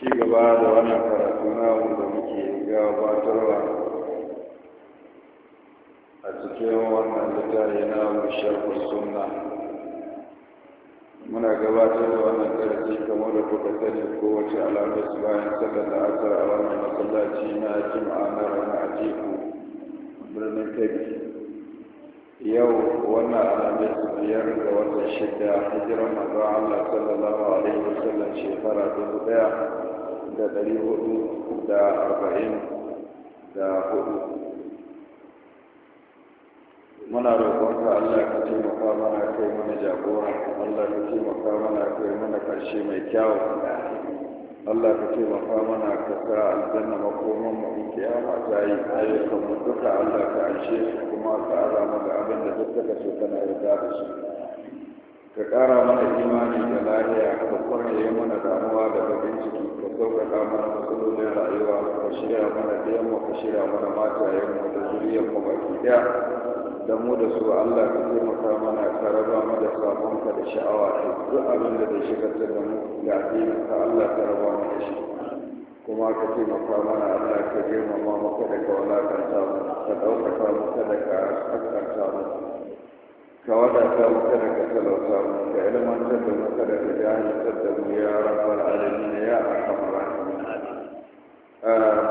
ci gaba da wannan karatu na wanda muke gabatarwa a cikin wannan littafi na musharkar suna. muna gabatar da wannan karatu kamar da kuka sani kowace su bayan sallar da aka a wannan masallaci na jima'a na a jiku birnin kebbi yau wannan su biyar ga watan shida hijiran manzon Allah sallallahu alaihi wasallam shekara dubu daya da ɗari hudu da arba'in da hudu muna roƙonka Allah ka taimaka mana kai mana jagora Allah ka taimaka mana kai mana ƙarshe mai kyawu Allah ka taimaka mana ka sa aljanna makoman mu in kiyama ta yi ayyukan mu duka Allah ka anshe kuma ka ara da abin da duk kaka so kana yarda da su ka ƙara mana imani da lafiya da ya mana damuwa da bakin ciki ka sauƙaƙa mana matsalolin rayuwa ka shirya mana ɗayanmu ka shirya mana matayenmu da zuriyarmu baki ɗaya da mu da su Allah ka taimaka mana ka raba mu da sabonka da sha'awa yi duk abin da zai ta da mu ga addinin ka Allah ka raba mu da shi kuma ka taimaka mana Allah ka girmama maka da ka wulakanta ka ɗaukaka maka da ka kaskanta mu ka wadata mu kada ka talauta mu ka ilmantar da mu kada ka jahiltar da mu ya rabbal alamin ya arhamar rahimin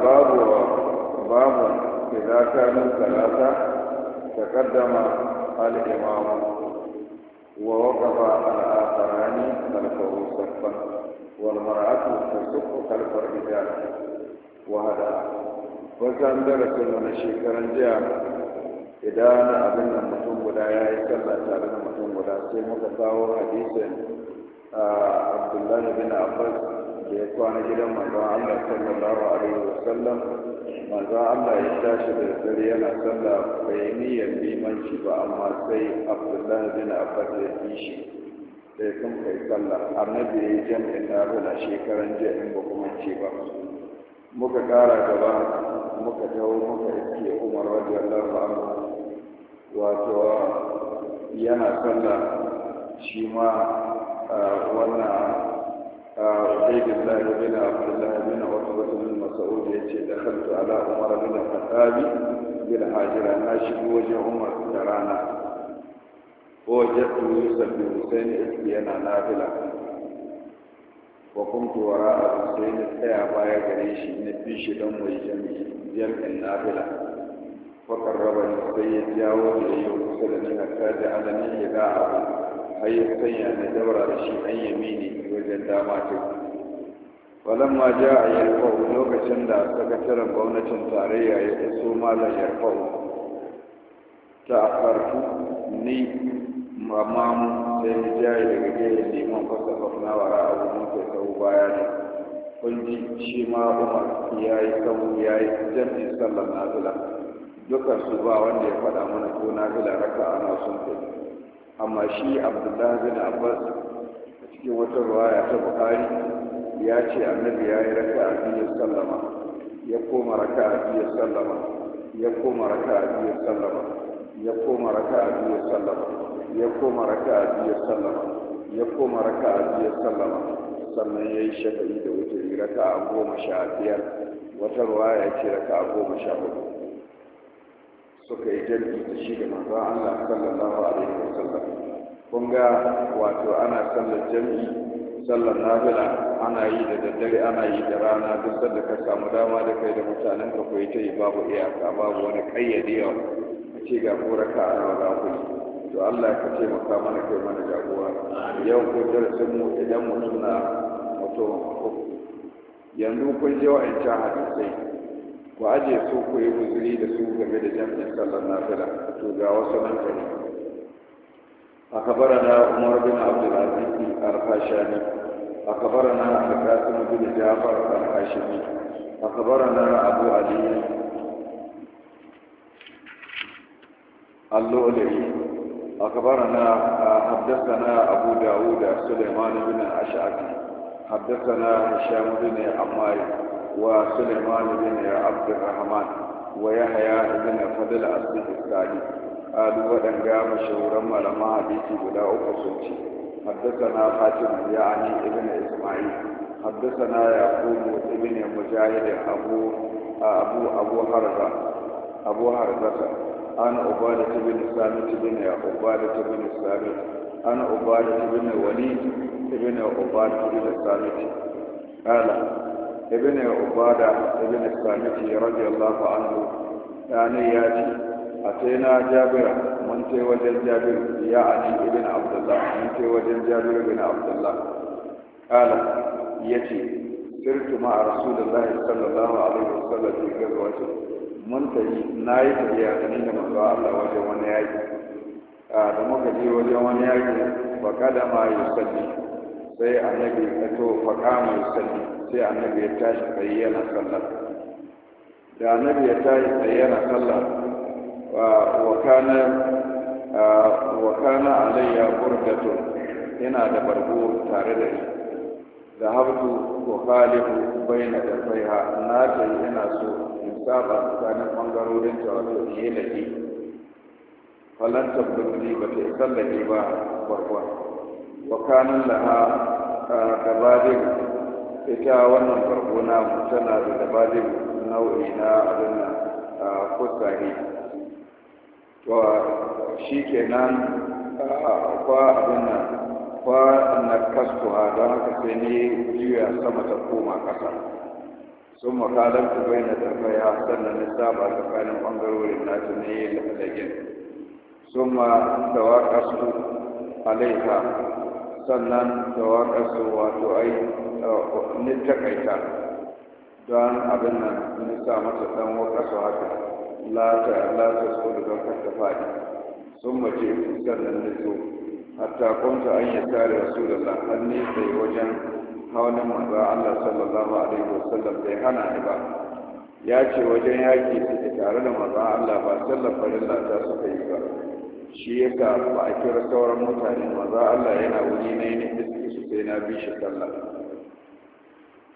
babu babu idza kanu ta taqaddama al-imam wa waqafa al-akharani khalfahu saffan wal mar'atu tasukku khalfal rijal wa hada wasan darasin wani shekaran jiya idan abin nan mutum guda ya yi sallah tare da mutum guda sai muka kawo hadisin abdullahi bin abbas da ya kwana gidan manzon allah sallallahu alaihi wa sallam manzon allah ya tashi da dare yana sallah bai niyyar limanci ba amma sai abdullahi bin abbas ya yi shi sai sun kai sallah annabi ya yi jami'in na shekaran jiya in ba kuma ce ba muka kara gaba muka dawo muka ake umar wajen allah wato yana sallah shi ma wannan aidin lalibina a lalibina wata wata min masaud ya ce da kanta ala umar bin al-khattabi bin hajira na shigo wajen umar da rana ko jattu yusuf bin husaini yana nafila wa kuntu wara'a sai na tsaya baya gare shi na bi shi don mai jami'i jami'in nafila fa qarraba ni sai ya jawo da yau kusa da ni hatta da alani ya ga abu har ya sanya na daura da shi an yamini wajen dama ta falamma a yarfa'u lokacin da sakataren gwamnatin tarayya ya iso malam yarfa'u ta akartu ni mamamu sai ya jaye daga gehen liman fasa fafna wa ra'abu mun ke sau baya ne ji shi ma umar ya yi sau ya yi jami sallar nazila dukkan su ba wanda ya faɗa mana ko nazila raka ana sun ke amma shi abdullahi bin abbas cikin wata ruwaya ta bukari ya ce annabi ya yi raka a biyu sallama ya koma raka a biyu sallama ya koma raka a biyu sallama ya koma raka a ya sallama ya koma raka'a biyu ya sallama ya koma raka'a biyu biyar, sallama sannan ya yi shafa'i da wuturi a goma sha biyar wata ruwaya ce raka'a goma sha hudu suka yi jami'i da shi da manzon Allah sallallahu alaihi wasallam kun ga wato ana sallar jami'i sallar nafila ana yi da daddare ana yi da rana duk sanda ka samu dama da kai da mutanen ka koyi ta yi babu iyaka babu wani kayyadewa ce gagora ka a nawa zakuri to Allah ka ce maka mana kai mana jagora yau ko darasin mu idan mu suna mutum mako yanzu kun je wa yanci hadisai ku aje su ku yi guzuri da su game da jami'in sallar nafila to ga wasu nan ka ne a kabara na umar bin abdulaziz arfashani a kabara na alkasim bin jafar alhashimi a kabara na abu aliyu اللؤلؤي أخبرنا حدثنا أبو داود سليمان بن أشعثي حدثنا هشام بن عمار وسليمان بن عبد الرحمن ويحيى بن فضل الثاني قالوا ودنجا مشهورا ملما حديثي بلا أقصنتي حدثنا خاتم يعني ابن إسماعيل حدثنا يقول ابن مجاهد أبو أبو أبو حرزة أبو حرزة ana ubada ta bin samit bin ubada bin samit ana ubada bin walid bin ubada bin samit qala ibn ubada ibn samit radiyallahu anhu yani ya ce na jabira mun tai wajen jabir ya ali ibn abdullah mun tai wajen jabir ibn abdullah Kala, yace sirtu ma rasulullahi sallallahu alaihi wasallam fi wajen. mun tafi na yi tafiya da ni da manzo Allah wajen wani yaƙi da muka je wajen wani yaƙi ba kada ma yusalli sai annabi ya to fa kama yi yusalli sai annabi ya tashi tsaye yana sallah da annabi ya tashi tsaye yana sallah wa kana wa kana alayya burdatun yana da bargo tare da shi da habtu wa khalifu bayna dafaiha na yi yana so saba tsakanin ɓangarorin ta wato ke falantar birni ba ta da ke ba barwa wakanin laha gabarin ita wannan farko na tana da gabarin nau'i na abin nan kusari to shi ke a kwa abin nan kwa na kastuwa don haka sai ne juya sama ta koma ƙasa sun makalar bai na tambaya sannan na saba tsakanin ɓangarorin na tunaye da halagin sun ma tawaka su alaiha sannan tawaka su wato ai eh, ni takaita don abin nan ni sa mata dan waka su haka lata lata su da don kasta fadi sun mace sannan ni zo hatta kunta an yi tare rasulullah har ni sai wajen haunin manzon Allah sallallahu alaihi wasallam bai hana ni ba ya ce wajen yaƙi suke tare da manzon Allah ba sallar farilla ta suka yi ba shi yasa ba a kira sauran mutane manzon Allah yana wuri na yin iski su sai na bi shi sallah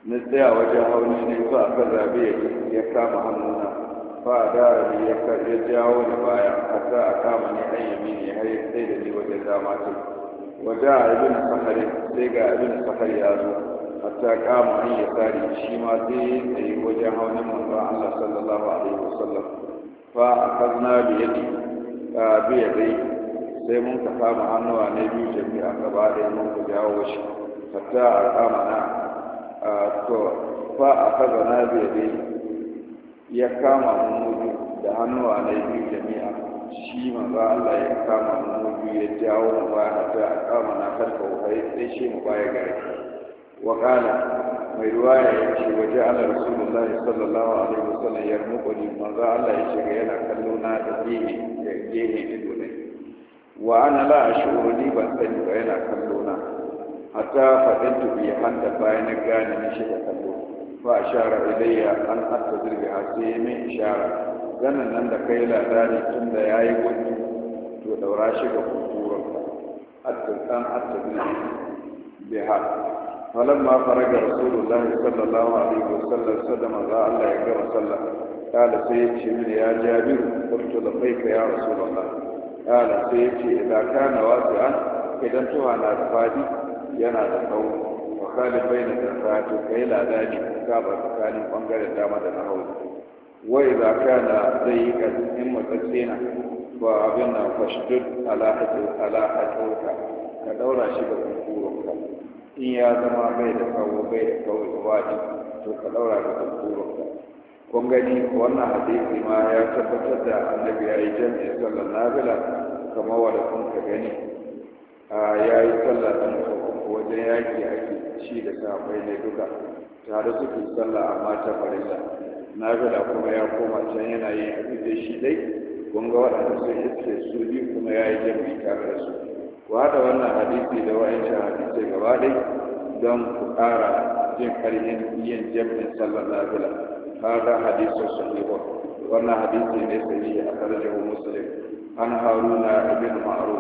na tsaya wajen hauni ne su aka zabe ya kama hannuna ba a dara ne ya jawo ni baya a sa a kama ni an yami ne har ya tsaye da ni wajen dama ce wada ibn sahari sai ga ibn sahari ya zo hatta kama an ya tsari shi ma sai ya yi wajen haunin manzo Allah sallallahu alaihi wasallam fa akhadna bi yadi bi yadi sai mun ka kama hannuwa ne biyu jami'a gaba ɗaya mun ka jawo shi hatta a kama na to fa akhadna bi yadi ya kama mu da hannuwa ne biyu jami'a shi manzo Allah ya kama mu biyu ya jawo mu ba hatta a kama na farko wai sai shi mu baya gare wa kana mai ruwaya ya ce waje Allah Rasulullah sallallahu alaihi wasallam ya mu kuli manzo Allah ya ce ga yana kallo na da gehe da gehe ido ne wa ana la ashuru ni ban sani ba yana kallo na hatta fadin tubi handa bayan na gane ni shi da kallo fa ashara ilayya an attadir bi hasi min ishara maganan nan da kai labari tun da ya yi wani to daura shi ga kunturan bi ha! biha ma faraga rasulullahi sallallahu alaihi wasallam sada maza Allah ya gama sallah kala sai ya ce mini ya jabir kai lafaika ya rasulullah kala sai ya ce idan kana an idan tuwa na da fadi yana da tsawo wa kala bai da to kai ladani ka ba tsakanin bangaren dama da na hauli wai za ka na zai ka in matsatsi na ba abin na fashdud alahatarka ka daura shi ga kunkuronka in ya zama bai da kawo bai da kawo da wajin to ka daura ga kunkuronka kun gani wannan hadisi ma ya tabbatar da annabi ya yi jami'in sallar nabila kamar wanda kun ka gani ya yi sallar da wajen yaki ake shi da sahabbai ne duka tare suke sallah amma ta farilla na da kuma ya koma can yana yin abin da shi dai kun ga waɗanda sun iske su biyu kuma ya yi jami'i tare da su ku haɗa wannan hadisi da wa'ancan hadisai gaba dai don ku ƙara jin ƙarfin yin jami'in sallar nafila su ne sahihun wannan hadisi ne sahihi a karjahu musulun an haruna ibn ma'aru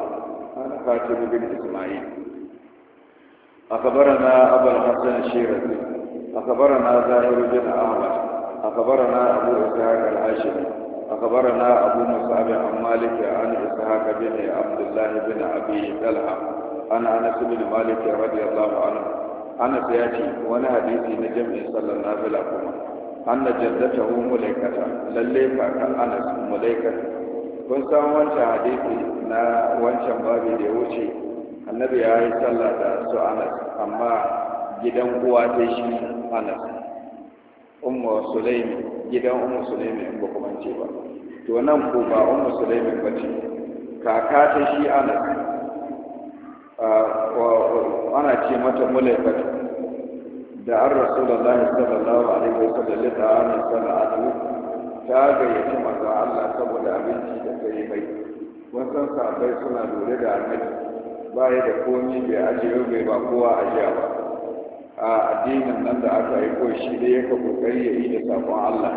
an katib ibn isma'il أخبرنا أبو الحسن الشيرازي أخبرنا زاهر بن أحمد أخبرنا أبو إسحاق الهاشمي أخبرنا أبو مصعب عن مالك عن إسحاق بن عبد الله بن أبي طلحة عن أنس بن مالك رضي الله عنه أنس يأتي وأنا حديثي نجم صلى الله عليه وسلم أن جدته ملائكة للي فأكا أنس ملائكة kun san wancan hadisi na wancan babi da ya wuce annabi ya yi sallah da su anas amma gidan uwa ta shi anas ummu sulaimi gidan ummu sulaimi in ba kuma ce ba to nan ko ba ummu sulaimi ba ce kaka ta shi ana ana ce mata mulaikat da an rasulullahi sallallahu alaihi wasallam da a sana'atu ta gayyaci maza Allah saboda abinci da kai mai san sahabbai suna lura da annabi ya da komai bai ajiye bai ba kowa ajiya ba a addinin nan da aka yi aiko shi dai yaka kokari ya yi da sabon Allah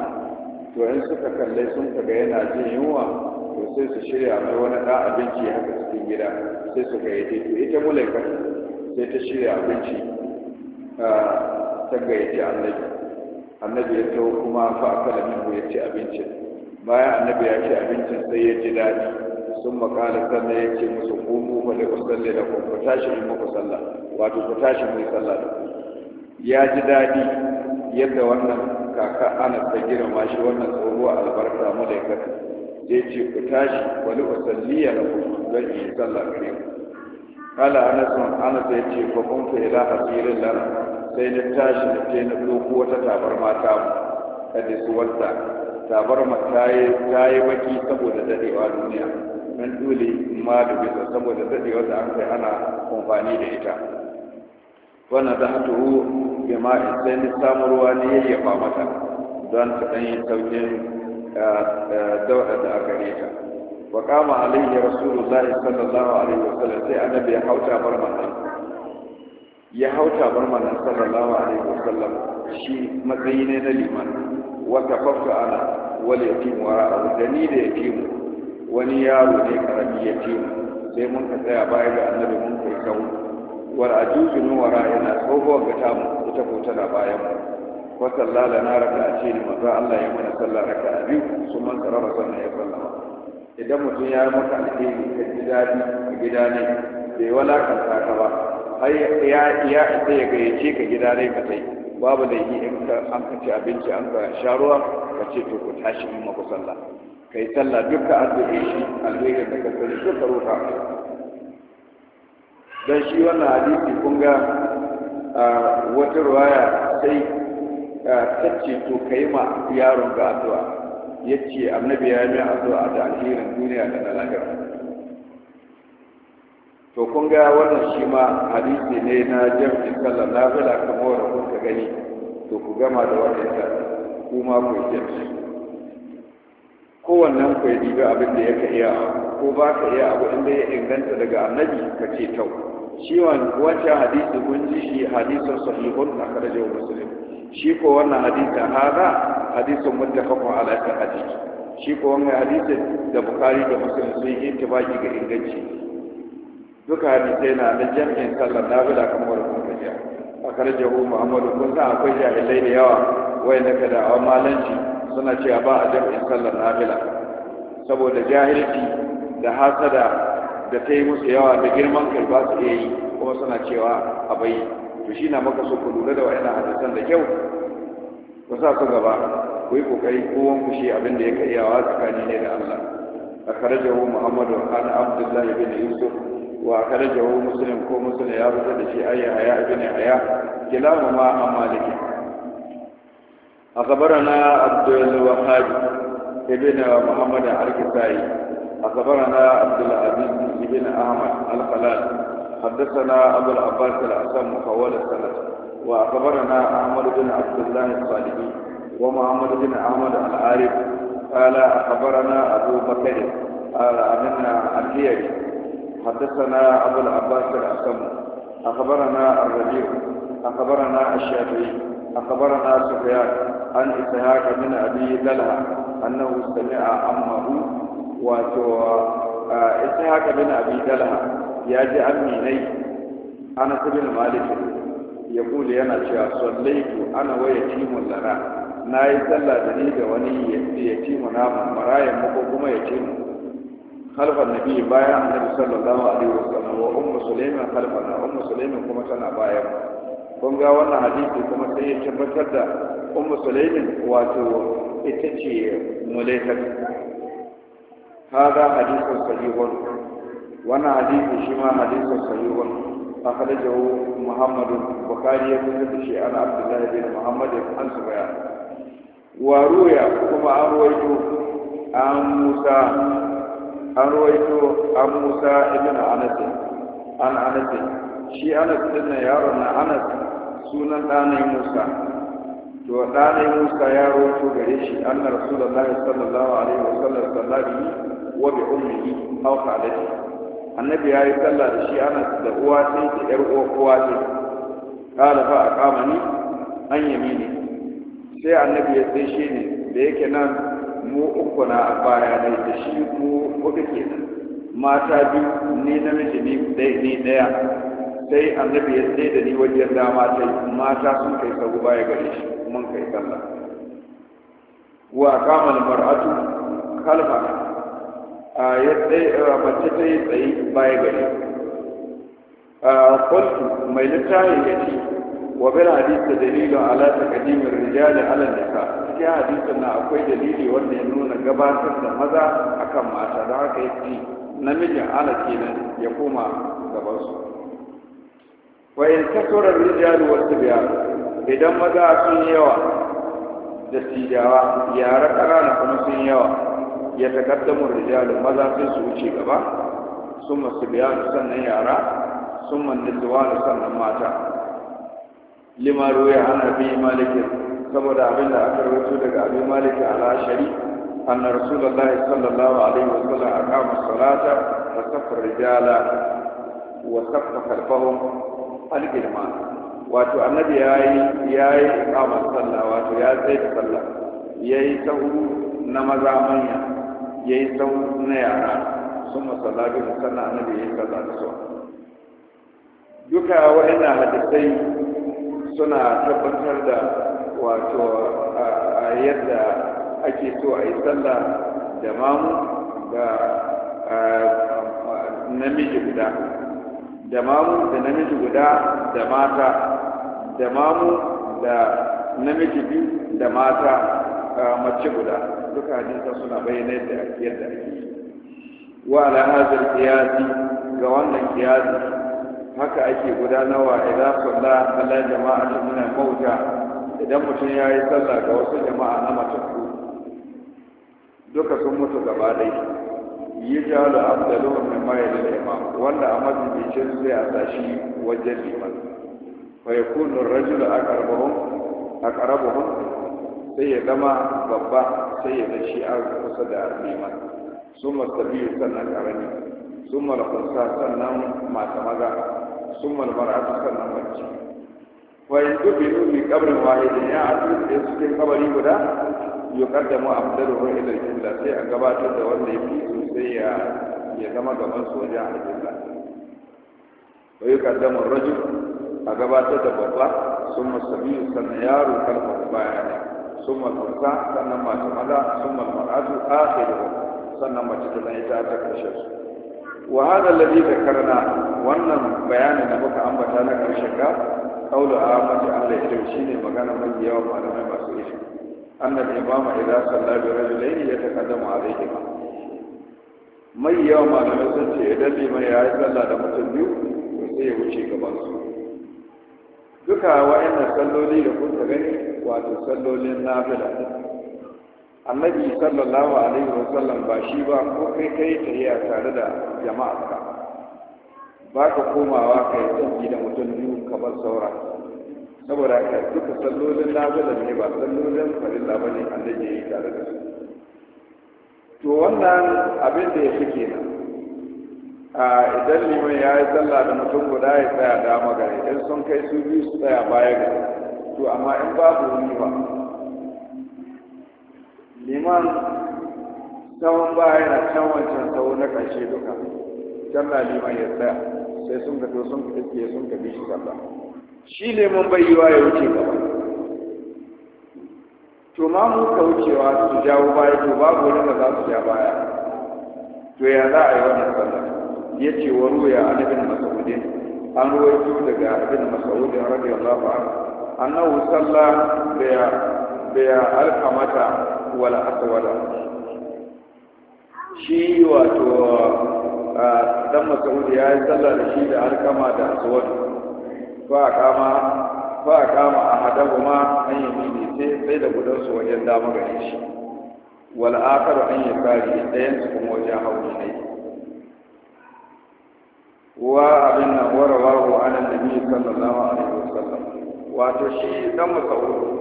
to in suka kalle sun kaga yana jin yunwa to sai su shirya mai wani ɗan abinci haka cikin gida sai su gayyace to ita mulaika sai ta shirya abinci ta gayyace annabi annabi ya taho kuma fa akala minhu ya ci abinci. bayan annabi ya ci abincin sai ya ji daɗi sun makala sannan ya ce musu kuma fa da ku da ku tashi mu ku sallah wato ku tashi mu yi sallah da ku ya ji daɗi yadda wannan kaka ana ta girma shi wannan a albarka mu da kaka ya ce ku tashi wani wasanni na kuma zan yi sallah gare ku kala anasun anas zai ce fa kun fa ila asirin lana sai na tashi na ce na ɗauko wata tabarma ta mu kada su wata tabarma ta yi baki saboda daɗewa duniya nan dole ma da bisa saboda daɗewa da an kai ana amfani da ita wannan da hatu bi ma'in sai ni ruwa ne yayyafa mata don ta ɗan yi saukin dauɗa da aka rika wa kama alayhi rasulullahi sallallahu alaihi Sallam sai annabi ya hauta bar mana ya hauta bar mana sallallahu alaihi Sallam. shi matsayi ne na liman wa kafafta ana wal yatim wa ra'a da ni da yatim wani yaro ne karami yatim sai mun ka tsaya baya ga annabi mun kai kawo wal ajuzu min wara yana tsohuwar ga tamu taho tana bayan mu wa sallala na raka a ce ni manzo Allah ya mana sallah raka a biyu sun man karama sannan ya sallama idan mutum ya maka alheri ka ji daɗi a gida ne bai walakanta ka ba har ya ya isa ya gayyace ka gida ne ka tai babu laifi in ka an ka ci abinci an ka sha ruwa ka ce to ku tashi in maku sallah yi sallah duka arziki shi alheri da ka sani duka roƙa don shi wannan hadisi kun ga wata ruwaya sai ta ce to ka yi ma yaron ga addu'a ya ce annabi ya yi addu'a da alherin duniya da na lahira to kun ga wannan shi ma hadisi ne na jam'in sallar lafiya kamar wanda kun ka gani to ku gama da wannan ta kuma ku yi jam'i kowannen ku ya dibi abin da ya ka iya ko ba ka iya abu inda ya inganta daga annabi ka ce tau shi wancan hadisi mun ji shi hadisin sahihun a karajewa musulun shi ko wannan hadisi hada hadisin muttafaqun ala hadisi shi ko wannan hadisi da bukhari da muslim sun yi baki ga inganci duka hadisai na da jami'in sallar nafila kamar kuma kaja a karajewa muhammadu kun san akwai jahilai da yawa wai na kada a malanci suna cewa ba a jami'in sallar bila saboda jahilci da hasada da ta yi musu yawa da girman kai ba su iya yi kuma suna cewa a bai to shi na maka so ku lura da wa'ina hadisan da kyau ku sa su gaba ku yi kokari kowan ku shi abin da ya kai wa tsakani ne da Allah jawo muhammadu an abdullahi bin yusuf wa jawo musulun ko musulun ya fita da shi ayya haya ibn haya kilama ma amaliki أخبرنا عبد الوهاب ابن محمد الكسائي أخبرنا عبد العزيز بن أحمد القلال حدثنا أبو العباس الأسم حول السند وأخبرنا أحمد بن عبد الله الصالحي ومحمد بن أحمد العارف قال أخبرنا أبو بكر قال أمنا الكيري حدثنا أبو العباس الأسم أخبرنا الربيع أخبرنا الشافعي أخبرنا سفيان عن إسحاق بن أبي للهى أنه سمع عمه wato ita haka bin abi dala ya ji an minai ana bin maliki ya kula yana cewa sallaitu ana waya timun lana na yi sallah da ni da wani ya timu na marayan mu ko kuma ya timu خلف النبي بايع النبي صلى الله عليه وسلم وام سليمة خلفنا ummu sulaiman kuma tana bayan kun ga wannan hadisi kuma sai ya tabbatar da ummu sulaiman wato ita ce mulaikatu هذا حديث صحيح وانا حديث شما حديث صحيح أخرجه محمد البخاري يقول شيء عن عبد الله بن محمد عن سفيان وروي كما أرويت عن موسى أرويت عن موسى ابن أنس عن أنس شيء أنس بن يارنا أنس سنن داني موسى to ɗanai musa ya rawaito gare shi annar rasulullahi sallallahu alaihi wasallam sallabi wa bi ummihi aw khalati annabi yayi sallah da shi ana da uwa ce da yar uwa ce qala fa aqamani an yamini sai annabi ya sai shi ne da yake nan mu uku na a baya ne da shi mu uku nan. mata biyu ni namiji ni daya sai annabi ya sai da ni wajen dama sai mata sun kai sabu baya gare shi mun kai sallah wa kama mar'atu kalfa a yadda mace ta yi tsaye baya A mai littafin ya ce wa bin hadisa dalilin ala takadimin rijali da nisa cikin hadisa na akwai dalili wanda ya nuna gabatar da maza akan mata da haka ya ce namijin ala kenan ya koma gabansu wa in rijali wasu biyar idan maza sun yawa da sijawa yara ƙanana kuma sun yawa ya takaddamu rijalu maza sun su wuce gaba sun masu biya da sannan yara sun zuwa da sannan mata Limaru ya hana abi malikin saboda abin da aka rubuto daga abin maliki a ala shari anna rasulullahi sallallahu alaihi wa sallam. A kama salata wa saffa rijala wa saffa khalfahum al-ilman wato annabi ya yi kama sallah wato ya tsaye da sallah ya yi sahu na maza manya yayi yi sau na yara sun masalla bin sannan annabi da yi sallah da so duka waɗannan hadisai suna tabbatar da wato a yadda ake so a yi sallah da mamu da namiji guda da mamu da namiji guda da mata da mamu da namiji biyu da mata mace guda duka hadisa suna bayyana da yadda ake yi wa ala hadal qiyasi ga wannan qiyasi haka ake gudanarwa idan salla Allah jama'a min al-mauta idan mutum ya yi sallah ga wasu jama'a na matattu duka sun mutu gaba dai yi jalo abdalu min mayar da imam wanda a mazibincin sai a tashi wajen liman fa yakunu rajulu aqrabuhum aqrabuhum sai ya zama babba sai ya ga shi an kusa da neman sun mastabiyu sannan karani sun malakunsa sannan mata maza sun malmaratu sannan mace wayan dubi dubi kabrin wahidin ya asu da su cikin kabari guda yi kaddamu abdaluhu ila kibla sai a gabatar da wanda ya fi su sai ya ya zama gaban soja a kibla wa yi mu rajul a gabatar da babba sun mastabiyu sannan yaro kalmar baya ne sun malmarta sannan masu maza sun malmaratu a tsirwa sannan mace ta zai ta ta karshe su Wahalar hada da karna wannan bayanin da muka ambata na karshen ga kaulu a mace allah ya shine magana mai yawan malamai masu ishi annal imama idan sallah bi rajulaini ya taqaddamu alaihima mai yawan malamai sun ce idan liman ya yi sallah da mutum biyu to sai ya wuce gaban su duka wa'annan salloli da kuka gani wato sallolin nafila annabi sallallahu alaihi wa sallam ba shi ba ko kai kai tahiya tare da jama'a ba ka komawa ka yi tsanki da mutum biyu kamar saura saboda ka duka sallolin nafila ne ba sallolin farilla ba ne annabi ya yi tare da su to wannan abin da ya fi kenan idan liman ya yi sallah da mutum guda ya tsaya dama gari idan sun kai su biyu su tsaya baya gari to amma in babu wani ba liman tsawon baya na can wancan tsawo na ƙarshe duka can na liman ya tsaya sai sun ka to sun ka iske sun ka bi shi sallah shi liman bai yiwa ya wuce gaba to ma mu ka wucewa su jawo baya to babu wani da za su ja baya to ya za a yi wannan sallah ya ce wa ruya an ibn mas'udin an ruwaito daga ibn mas'ud radiyallahu anhu annahu salla biya biya alqamata wal aswada shi wato dan mas'ud ya yi sallah da shi da alqama da aswad fa kama fa kama ahadahuma an yamini sai sai da gudansu wajen damar gare shi wal akhar an yasari dayan su kuma wajen hawo ne wa abin wa warawahu ala nabi sallallahu alaihi wasallam wato shi dan musawu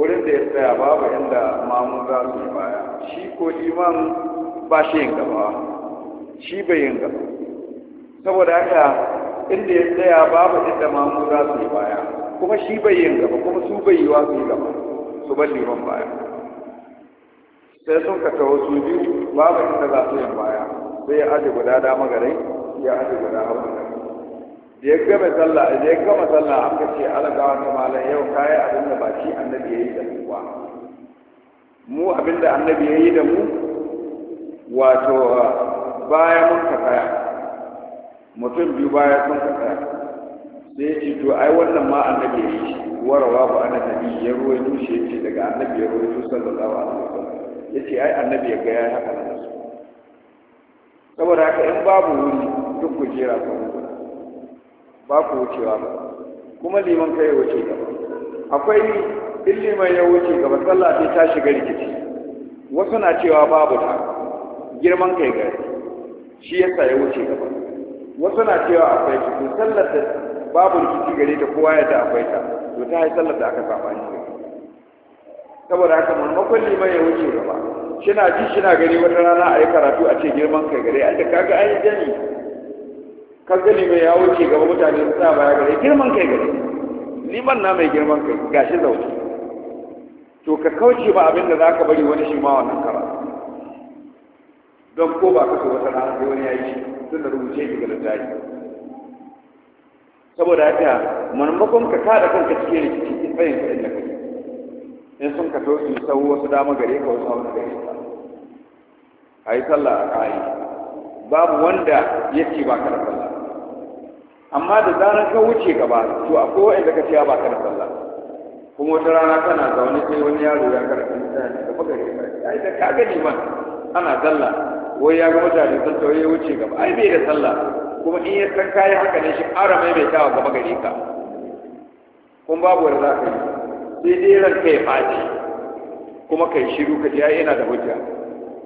wurin da ya tsaya babu inda mamu za su yi baya shi ko imam ba shi yin gaba shi bai yin gaba saboda haka inda ya tsaya babu inda mamu za su yi baya kuma shi bai yin gaba kuma su bai yi wa su yi gaba su bar liman baya sai sun ka tawo su biyu babu inda za su yin baya sai ya aje guda dama garai ya haɗe guda hau da da ya gama sallah da ya gama sallah an ka ce alagawa ta malam yau kayi abin da ba shi annabi ya yi da kuwa mu abin da annabi ya yi da mu wato baya mun ka kaya mutum biyu baya sun ka kaya sai ya ce to ai wannan ma annabi ya yi shi warawa ba ana nabi ya ruwaito shi ya ce daga annabi ya ruwaito sallallahu alaihi wasallam ya ce ai annabi ya ga ya haka na su saboda haka in babu wuri duk ku jera ka ba ku wucewa ba kuma liman kai wuce gaba akwai in liman ya wuce gaba sallah sai ta shiga rikici wasu na cewa babu ta girman kai gari shi yasa ya wuce gaba wasu na cewa akwai ta to sallar da babu rikici gare ta kowa ya da akwai ta to ta yi sallar da aka saba ni saboda haka maimakon liman ya wuce gaba shina ji shina gari wata rana a yi karatu a ce girman kai gare a da kaga an yi jani ka gani mai yawo ke gaba mutane su tsaba baya gare girman kai gare liman na mai girman kai gashi zaune to ka kauce ba abin da za ka bari wani shi ma wannan kara don ko ba ka so wata rana sai wani ya yi tun da rubuce shi ga littafi saboda haka manmakon ka kada kanka cikin ne cikin tsayin ka inda kake in sun ka to su sau wasu dama gare ka wasu hawa gare ka a yi sallah a kayi babu wanda ya ba ka da sallah amma da zarar ka wuce gaba to akwai da ka ciya ba ka da sallah kuma wata rana kana zaune sai wani yaro ya karanta misali da baka yi ai da ka gani ba ana sallah wai ya ga mutane sun to ya wuce gaba ai bai da sallah kuma in ya san kayi haka ne shi bai tawa gaba gare ka kun babu wani za ka yi sai dai ranka ya ɓaci kuma kai shiru ka ji ai yana da hujja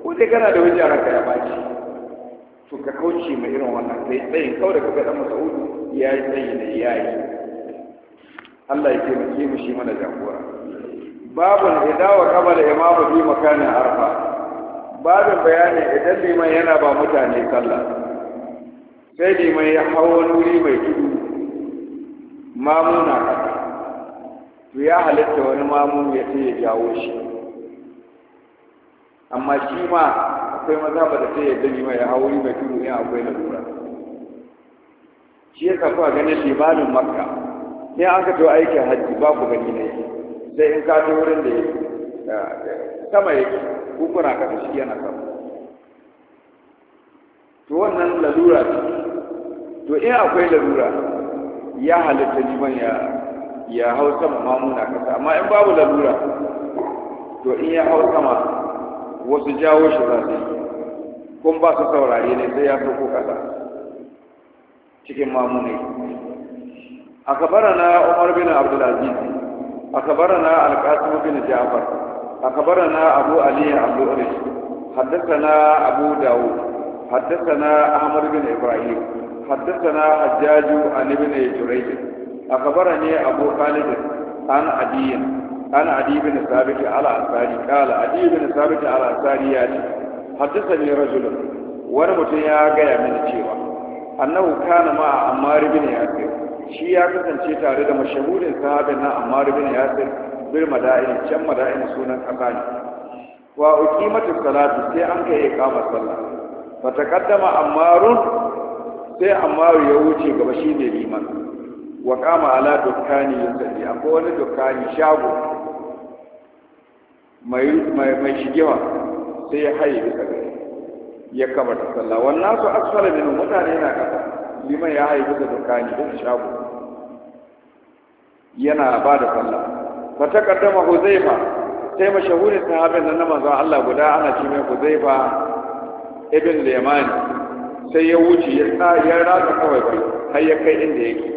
ko dai kana da hujja ranka ya ɓaci to ka kauce mai irin wannan sai tsayin kawai da ka ga masa hudu ya yi tsayi ya yi Allah ya taimake mu shi mana jagora babun idawa kabala imamu bi makanin arfa babin bayani idan liman yana ba mutane sallah sai liman ya hawo wuri mai tudu mamuna kasa to ya halitta wani mamu ya ce ya jawo shi amma shi ma akwai maza ba da sai ya dani mai hawo wuri mai tudu ya akwai na lalura shi yasa kuwa ganin limanin makka sai an ka to aikin hajji ba ku gani ne sai in ka ta wurin da yake sama yake ka kasa shi yana sama to wannan lalura ne, to in akwai lalura ya halitta liman ya ya hau sama mamuna kasa amma in babu lalura to in ya hau sama wasu jawo shi za su yi kun ba su saurare ne sai ya sauko kasa cikin mamuni a kabara umar bin abdulaziz a kabara na bin jafar a kabara na abu ali abdulaziz haddasa abu Dawud. haddasa na amur bin ibrahim haddasa na hajjaju a libin jurai a kabara abu kalibin an adi an adibin sabiti ala asari kala adibin sabiti ala asari ya ce haddasa ne rajulun wani mutum ya gaya mini cewa annahu kana ma ammar ibn yasir shi ya kasance tare da mashahurin sahabin na ammar ibn yasir bil mada'in can mada'in sunan kasa ne wa uqimatu salatu sai an kai iqama sallah fa taqaddama ammarun sai ammaru ya wuce gaba shi ne liman wa qama ala dukkani yusalli akwai wani dukkani shago mai mai shigewa sai ya haye ya kamata sallah wannan su asfala ne mutane na kasa liman ya haifi da dukani da shago yana ba da sallah fa kaddama huzaifa sai mashahurin sahabin nan na manzo Allah guda ana ce mai huzaifa ibn liman sai ya wuce ya sa ya rasa kawai bai har ya kai inda yake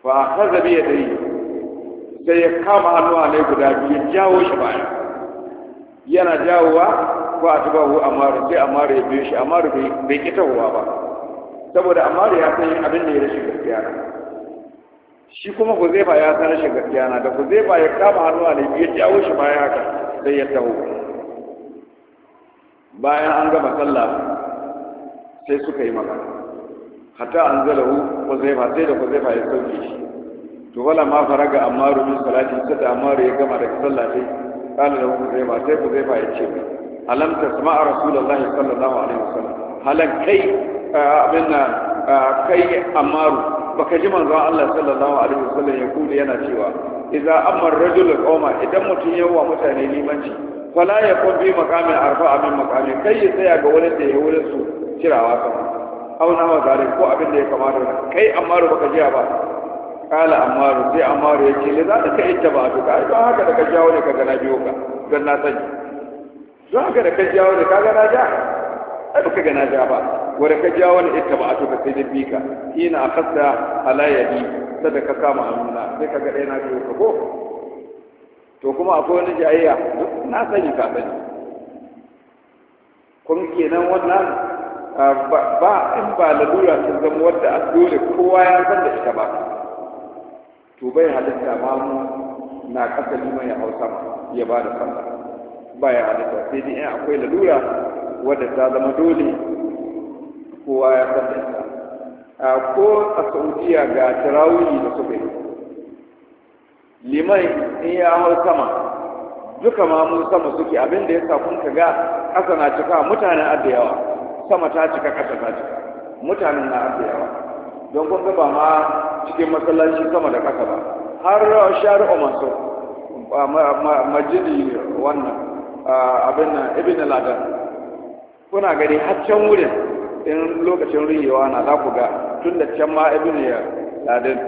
fa akhadha bi yadayhi sai ya kama hannuwa ne guda biyu jawo shi baya yana jawowa ba a tuba hu amaru sai amaru ya biyo shi amaru bai ruwa ba saboda amaru ya san abin da ya rashin gaskiya na shi kuma huzaifa ya san rashin gaskiya na da huzaifa ya kama hannu a laifi ya jawo shi baya haka sai ya taho bayan an gama sallah sai suka yi magana hatta an zalahu huzaifa sai da huzaifa ya sauke shi to wala ma faraga amaru min salati sai da amaru ya gama da sallah sai kala da huzaifa sai huzaifa ya ce mai alam tasma'a rasulullahi sallallahu alaihi wasallam halan kai abin nan kai amaru baka ji manzo Allah sallallahu alaihi wasallam ya kudu yana cewa idza amara rajul qauma idan mutum wa mutane limanci fala yakun bi maqamin arfa'a min maqamin kai ya tsaya ga wani da ya wurin su kirawa sama aw nawa zare ko abin da ya kamata kai amaru baka ji ba kala amaru sai amaru yake le za ka ittaba to kai ba haka da ka jawo ne ka gana biyo ka dan na sani don haka da kajiya wani ka gana na ja ai baka ga na ja ba wanda kajiya wani ita ba a to ka sai da bika ina akhadda ala yadi sada ka kama hannuna sai ka ga dai na biyo ka ko to kuma akwai wani jayayya na sanyi ka sani kun kenan wannan ba in ba lalura sun zama wadda a dole kowa ya san da ita ba to bai halitta ma mu na kasali mai hausa ya ba da sallah baya halitta sai dai in akwai lalura wadda ta zama dole kowa ya san ta a ko a saudiya ga tarawihi da suka yi liman in ya hau sama duka ma mu sama suke abin da ya sa kun ga ƙasa na cika mutanen adda yawa sama ta cika ƙasa ta cika mutanen na adda yawa don kun ga ba ma cikin masallaci sama da ƙasa ba har shari'a masu majidi wannan abin nan na ladan kuna gari har can wurin in lokacin riyewa na za ku ga tun da can ma ibn ladan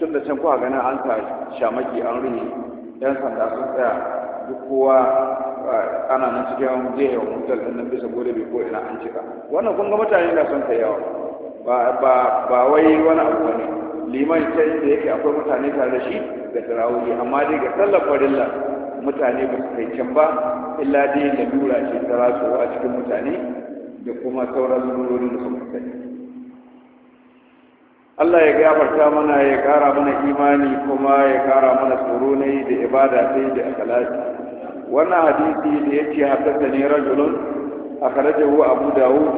tun da can kuwa ganin an ta shamaki an rihe yan sanda sun tsaya duk kowa ana nan cikin jihar mutal ɗin nan bisa gode bai ko ina an cika wannan kun ga mutane na son kai yawa ba wai wani abu ba ne liman can inda yake akwai mutane tare da shi da tarawih amma dai ga sallar farilla mutane ba su kai can ba illa dai lura ce ta rasowa a cikin mutane da kuma sauran lalurorin da suka sani Allah ya gafarta mana ya kara mana imani kuma ya kara mana tsoro ne da ibada sai da akhlaqi wannan hadisi da yake haddasa ne rajulun akhrajahu abu dawud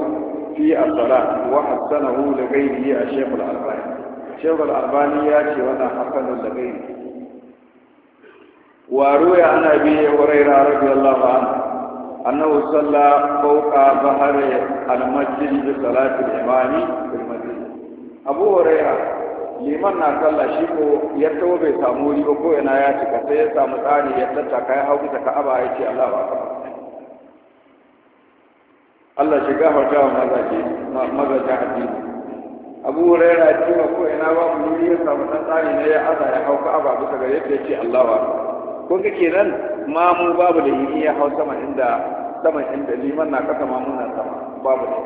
fi as-salat wa hasanahu li ghayrihi ash-shaykh al-albani shaykh al-albani ya ce wannan hasanun da ghayrihi وروي عن ابي هريره رضي الله عنه انه صلى فوق ظهر المسجد بصلاه الامام في المسجد ابو هريره liman na sallah shi ko ya tawo bai samu wuri ba ko ina ya cika sai ya samu tsani ya tattaka ya hau bisa ka'aba ya ce Allah ba Allah shi gafarta wa mazaje mazaje addini Abu Hurairah ya ce ko ina ba mu wuri ya samu tsani ne ya aza ya hau ka'aba bisa yadda ya ce Allah ba ko ga kenan ma mu babu da yi ya hau sama inda sama inda liman na kasa mamu na sama babu da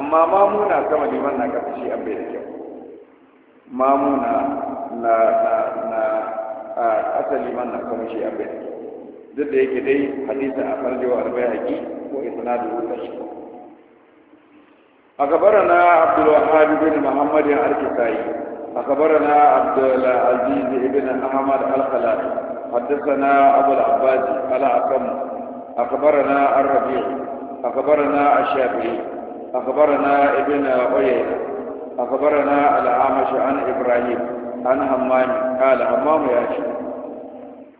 amma mamu na sama liman na kasa shi an bai da kyau Mamu na na na na a kasa liman na kama shi an bai da kyau duk da yake dai hadisa a farjewa arba'i haƙi ko da wuta shi أخبرنا عبد الوهاب بن محمد a أخبرنا na العزيز بن أحمد الخلال حدثنا أبو العباس على أقم أخبرنا الربيع أخبرنا الشافعي أخبرنا ابن عيينة أخبرنا الأعمش عن إبراهيم عن همام قال همام يا شيخ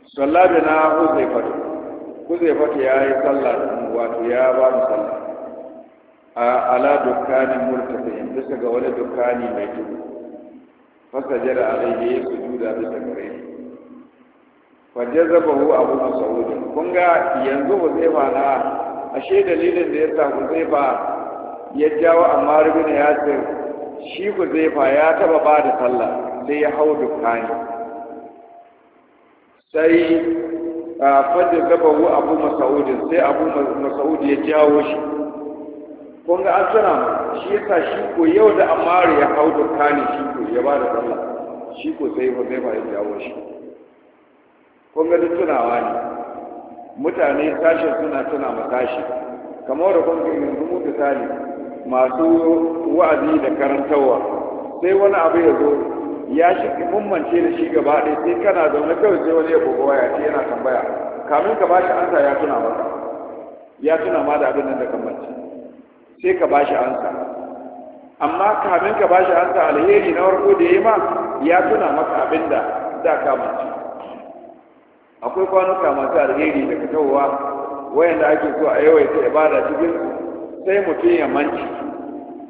صلى بنا حذيفة حذيفة يا صلى واتيا وصلى على دكان مرتفع بس قول دكاني ميت فسجد عليه سجود بس قريب fajazabahu abu mas'ud kun ga yanzu huzaifa na ashe dalilin da yasa huzaifa ya jawo ammar bin yasir shi huzaifa ya taba ba da sallah sai ya hau dukkani sai fajazabahu abu mas'ud sai abu mas'ud ya jawo shi kun ga an sana shi yasa shi ko yau da ammar ya hau dukkani shi ko ya ba da sallah shi ko sai huzaifa ya jawo shi kun ga tunawa ne mutane tashi suna tuna ma tashi. kamar da kun yi yanzu mutu tali masu wa'azi da karantarwa sai wani abu ya zo ya shi mummance da shi gaba ɗaya sai kana zaune kawai sai wani ya gogo waya ce yana tambaya kamin ka bashi ansa ya tuna maka ya tuna ma da abin nan da kammanci sai ka bashi ansa amma kamin ka bashi ansa alheri na farko da ya ma ya tuna maka abin da da kammanci akwai kwanuka masu alheri daga wayan wayanda ake so a yawaita ibada cikin sai mutum ya manci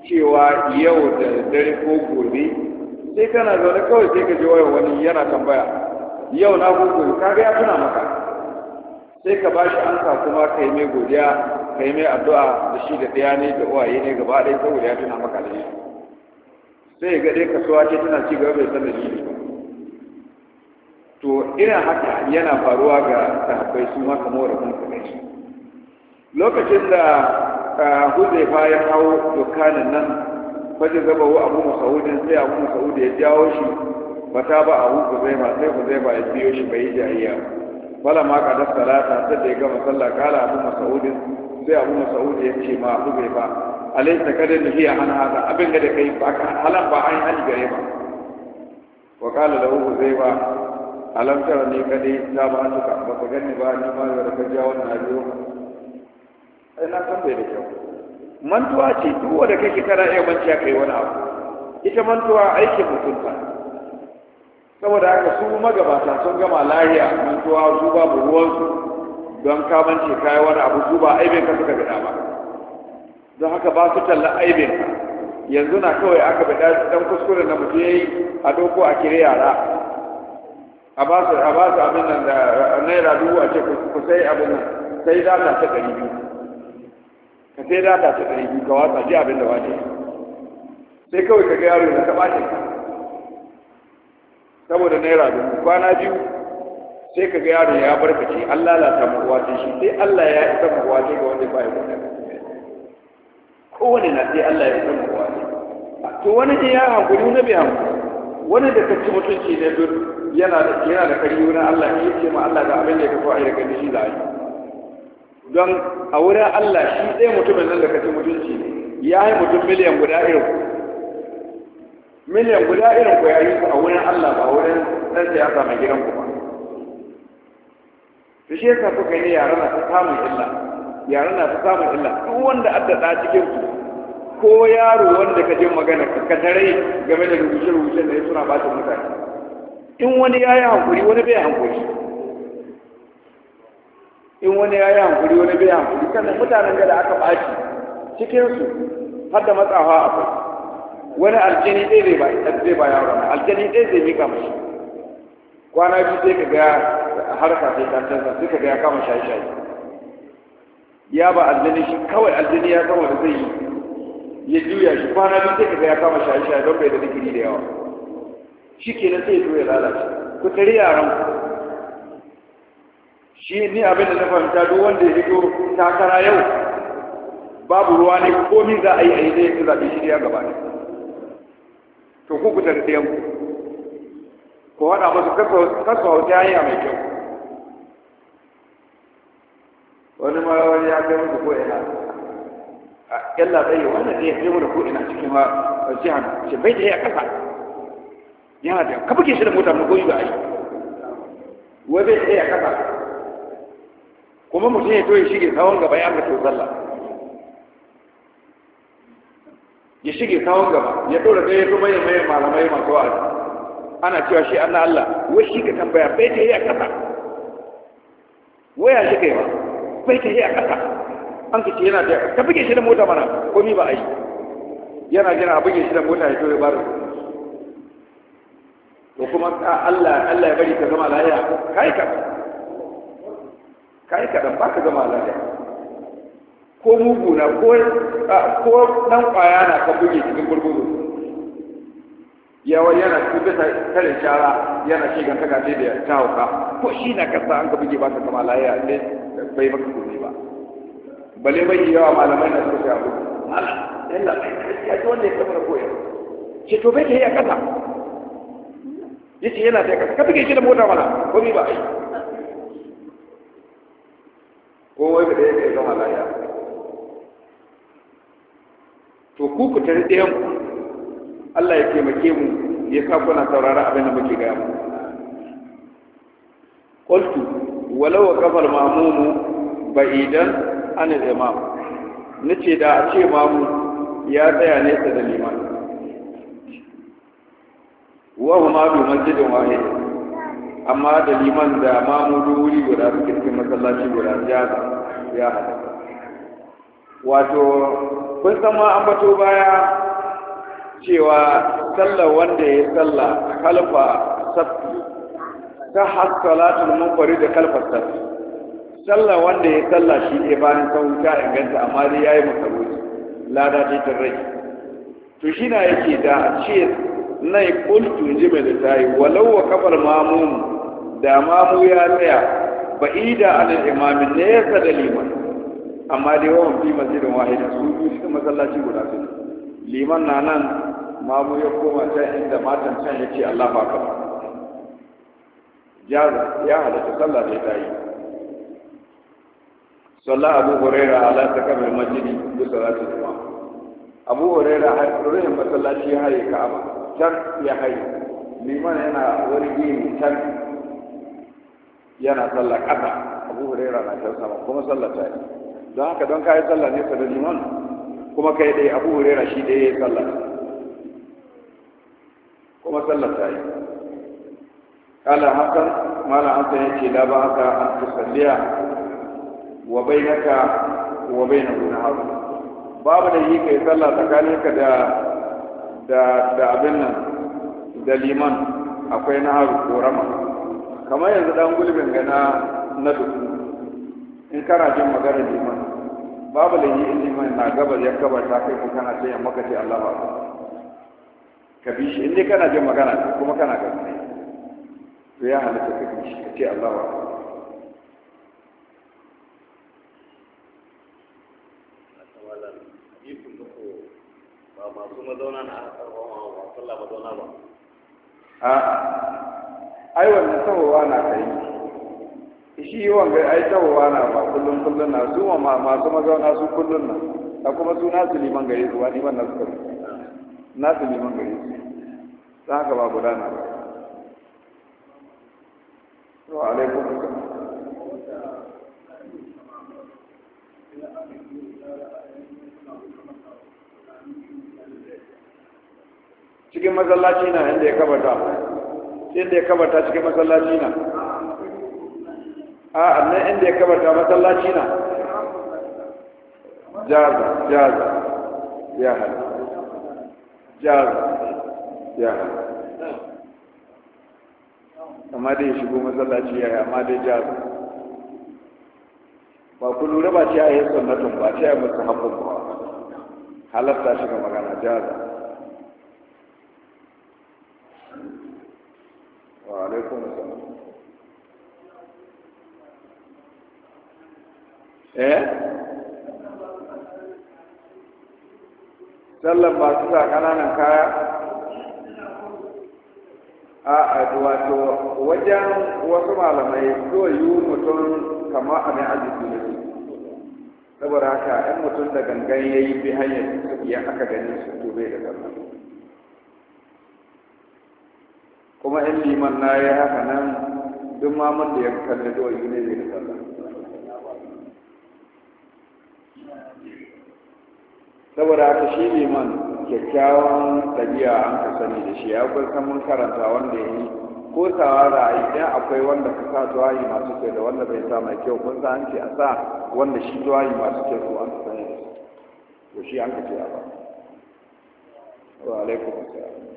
cewa yau da dare ko gobe sai kana zaune kawai sai ka je wayan wani yana tambaya yau na gobe ka ya tuna maka sai ka bashi ansa kuma ka yi mai godiya ka yi mai addu'a da shi da ɗaya ne da uwaye ne gaba ɗaya saboda ya tuna maka da shi sai ga dai kasuwa ce tana ci gaba bai san dalili to irin haka yana faruwa ga sahabbai su ma kamar da kuma shi lokacin da huzaifa ya hau dukkanin nan fajin gaba wa abu musaudin sai abu musaudi ya jawo shi bata ba abu huzaifa sai huzaifa ya biyo shi bai jayayya wala ma kadar salata sai da ya gama sallah kala abu musaudin sai abu musaudi ya ce ma huzaifa alaisa kada da hiya an hada abin da kai ba ka halan ba an hali gare ba wa kala lahu huzaifa alamtara ne kadai za ba su ba ka gani ba ni ma da ka ja wannan biyo ai na san bai da kyau mantuwa ce duk wanda kake kana iya manciya kai wani abu ita mantuwa aikin mutunta saboda haka su magabata sun gama lahiya mantuwa su babu su don ka ka kai wani abu su ba aibin ka suka gada ba don haka ba su talla aibin ka yanzu na kawai aka bada dan kuskure na mutum yayi a doko a kire yara a ba su abin nan da naira dubu a ce ku sai abin nan sai data ta ɗari biyu ka sai data ta ɗari biyu ka watsa ji abin da wace sai kawai ka ga yaro da ta ɓace saboda naira dubu kwana biyu sai ka ga yaro ya barkace an lalata mu uwa shi sai Allah ya isa mu uwa ga wanda ba ya Ko kowane na sai Allah ya isa mu uwa to wani ne ya hankuri wani bai hankuri wani da ka mutunci ne don yana da yana da kari wurin Allah shi ce ma Allah ga abin da ka so a yi daga shi za a yi don a wurin Allah shi ɗaya mutumin nan da kace mutunci ne ya yi mutum miliyan guda irin miliyan guda irin ku ya yi a wurin Allah ba wurin ɗan siyasa mai gidan ku ba to shi yasa kuka ne yaran na ta samun illa yaran na ta samun illa duk wanda adda da cikin ku ko yaro wanda ka je magana ka tare game da rubuce-rubucen da ya suna bacin mutane in wani ya yi hankuri wani bai hankuri in wani ya yi hankuri wani bai hankuri sannan mutanen da aka ɓaci cikinsu har da matsawa akwai wani aljani ɗaya zai ba yawon aljani ɗaya zai mika mashi kwana biyu sai ka a harka sai ta canza sai ka kama shaye-shaye ya ba aljani shi kawai aljani ya kama da zai yi ya juya shi kwana biyu sai ka gaya kama shaye-shaye don bai da digiri da yawa shi ke na sai zo ya lalace ku tare yaran ku. shi ni abin da na fahimta duk wanda ya fito takara yau babu ruwa ne komi za a yi a yi zai fi zaɓe shi ya gaba ne to ku kuta da ɗayan ku ku haɗa masu kasa wata hanya mai kyau wani ma wani ya kai musu ko ina a ƙyalla tsaye wannan ne ya fi mu da ko ina cikin ma jihar ce bai da ya ƙasa yana da ka buge shi da mota mun goyi ba ai wai bai tsaya kasa kuma mutum ya to ya shige kawon gaba ya ambato sallah ya shige kawon gaba ya dora kai ya kuma ya maye malamai masu wa'azi ana cewa shi an Allah wai shi ka tambaya bai ta yi a kasa waya shi kai ba bai ta yi a kasa an ka ce yana da ka buge shi da mota mana komi ba ai yana jira a buge shi da mota ya to ya bar ko kuma Allah Allah ya bari ka zama lafiya kai ka kai ka dan baka zama lafiya ko mugu na ko ko dan kwaya na ka buge cikin gurgudu yawa yana cikin bisa kare shara yana shi ganta gaje da ta hauka ko shi na kasa an ka buge baka zama lafiya ne bai baka kuɗi ba bale bai yi yawa malamai na suka shafu Allah yalla bai ya ji wanda ya kamar koyar ce to bai ta yi a kasa yace yana da kasa ka buge shi da mota mana ko ba ko wai da yake zama lafiya to ku ku tare da yanku Allah ya taimake mu ya sa kuna saurara abin da muke ga mu qultu walau kafal ma'mumu ba'idan an al-imam nace da a ce mamu ya tsaya nesa da liman wa huma bi masjidin wahid amma da liman da mamudu wuri guda suke cikin masallaci guda jaza ya hada wato kun san ma an bato baya cewa sallar wanda ya sallah kalfa safi ta hasalatul munfarid da kalfa safi sallar wanda ya sallah shi ne bayan sau ta inganta amma dai yayi musabuci lada ce ta rai to shi na yake da a ce nai kultu in ji mai littafi walau wa kafar mamun, da mamu ya tsaya ba ida alal imamin ne ya sa liman amma dai yawan fi masjidin wahida su biyu cikin masallaci guda su liman na nan mamu ya koma ta inda matan can ya ce Allah ba ka ya halatta sallah da ta yi sallah abu huraira ala ta kamar masjidi bi salatu juma'a abu huraira har ruhin masallaci ya haye ka'aba can ya hayi liman yana wani gini can yana sallah ƙasa abu hurera na can sama kuma sallah ta yi don haka don kayi sallah ne da liman kuma kai dai abu hurera shi dai ya yi sallah kuma sallah ta yi kala hakan mala an ya ce da ba haka an salliya wa bainaka wa bainahu na babu da yi kai sallah tsakaninka da da da abin nan da liman akwai na naharu korama kamar yanzu dan gulbin gana na na duku in kana jin magana liman babu da in liman na gabar ya ta kai ko kana sai yamma kace Allah ba ka bi shi in kana jin magana kuma kana gaba to ya halatta ka bi shi kace Allah ba masu mazauna na aka karɓa sallah mazauna ba a'a ai wannan tawowa na kai shi wanga ai tawowa na ba kullum kullum na su ma masu mazauna su kullum na da kuma su nasu liman gare su wani wannan su nasu liman gare su don haka ba gudana ba. Wa alaikum salam. cikin masallaci na inda ya kabata inda ya kabata cikin masallaci na a annan inda ya kabata masallaci na jaza jaza ya hada jaza ya hada amma dai shigo masallaci ya yi amma dai jaza ba ku lura ba ce a yi sunnatun ba ce a yi musu haɓɓun ba halatta shi ga magana jaza wa alaikum assalam eh? sallan ba su sa kananan kaya a wato wajen wasu malamai zuwa yi mutum kama a mai arziki ne saboda haka 'yan mutum da gangan ya yi bi hanyar ya aka gani su to da sallan kuma in liman na yi haka nan duk mamun da ya kalli yi ne zai da sallah saboda haka shi liman kyakkyawan tabiya an ka sani da shi ya san mun karanta wanda ya yi ko sawa za a idan akwai wanda ka sa tuwayi masu kyau da wanda bai sa mai kyau kun san ce a sa wanda shi tuwayi masu kyau ko an sani da shi an ka ce a ba wa alaikum assalam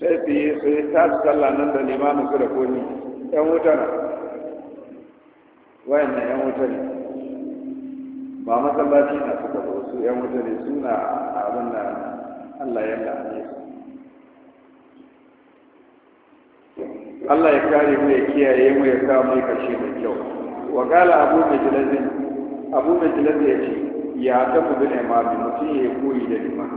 sai fi su yi ta su sallah nan da limamin su da komi yan wuta na wayan na yan wuta ne ba masallaci na suka zo su yan wuta ne suna abin da Allah ya la'ane su Allah ya kare mu ya kiyaye mu ya sa mu kashe mai kyau wa gala abu mai jilazi abu mai jilazi ya ce ya tafi bin bi mutum ya koyi da liman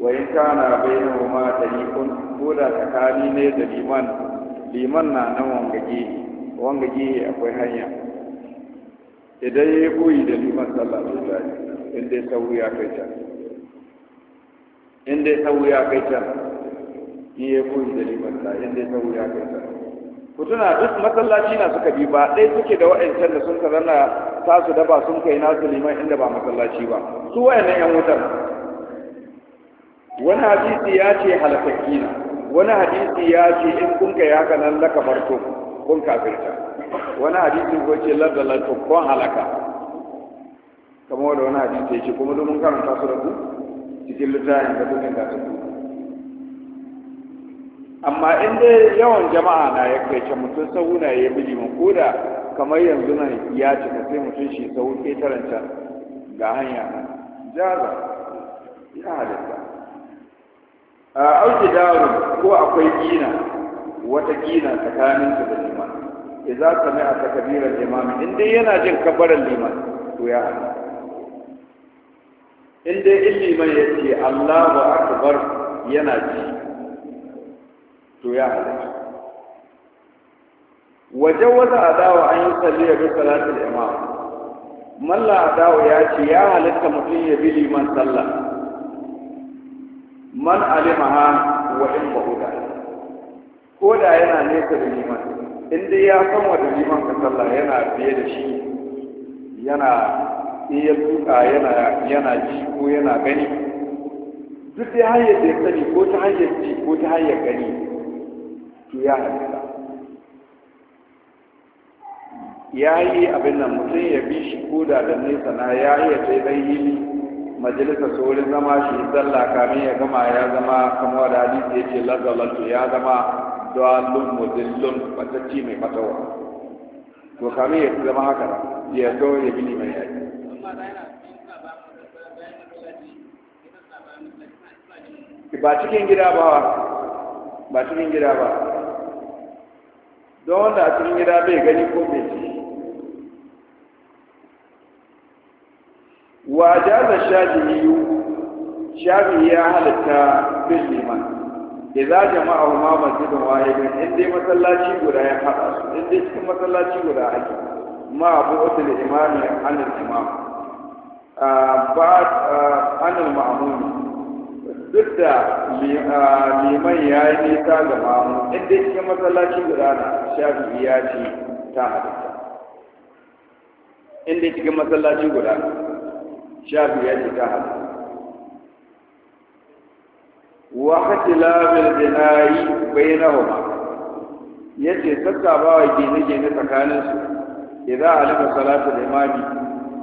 wa in kana wa ma liman ko da tsakani ne da liman liman na nan wangage wangage akwai hanya idan ya koyi da liman sallallahu alaihi wasallam in dai sahu ya kai can in dai sahu ya kai can in ya koyi da liman sa in dai sahu ya kai can ku tuna duk masallaci na suka bi ba ɗaya suke da wa'ancan da sun ka zanna ta su daba sun kai nasu liman inda ba masallaci ba su wa'annan yan wutar wani hadisi ya ce na wani hadisi ya ce in kun kai haka nan kamar to kun kafirta wani hadisi ko ce lardalatu kon halaka kamar wani hadisi ya ce kuma domin karanta su da ku cikin littafin da kuka kafirta amma in dai yawan jama'a na ya kai mutum sahu na ya bi mu ko da kamar yanzu nan ya cika sai mutum shi sahu ƙetaren can ga hanya nan jaza ya halitta a auki daru ko akwai gina wata gina tsakanin su da liman idza sami'a takbiran imam in dai yana jin kabaran liman to ya in dai in liman ya ce Allahu akbar yana ji to ya halatta wajen wata adawa an yi salli ya bi salatul imam malla adawa ya ce ya halatta mutum ya bi liman sallah man alimaha wa in ba'uda ko da yana nesa da liman in dai ya san da liman ka sallah yana biye da shi yana iya tuka yana yana ji ko yana gani duk dai hanyar da ya sani ko ta hanyar ji ko ta hanyar gani ya yi abin nan mutum ya bi shi koda da nesa na ya yi ya sai dan yi majalisa saurin zama shi zalla kamin ya gama ya zama kamar da hadisi ya ce lazalantu ya zama dalun mudillun batacci mai fatawa to kamin ya zama haka ya zo ya bi mai yaki ba cikin gida ba ba cikin gida ba don wanda a cikin gida bai gani ko bai ji wa jaza shafi'i shafi'i ya halitta bin liman za jama'a ma masjidun wahidin in dai masallaci guda ya haɗa su in dai cikin masallaci guda ake ma abu da imanin anil imam ah, ba ah, anil ma'amuni duk da liman ya yi nisa ga mamu inda cikin masallaci guda na shafi ya ce ta halitta inda cikin masallaci guda na shafi ya ce ta halitta wa hatilabil binayi bainahuma yace sassabawa gine-gine tsakaninsu idan alima salatu da imani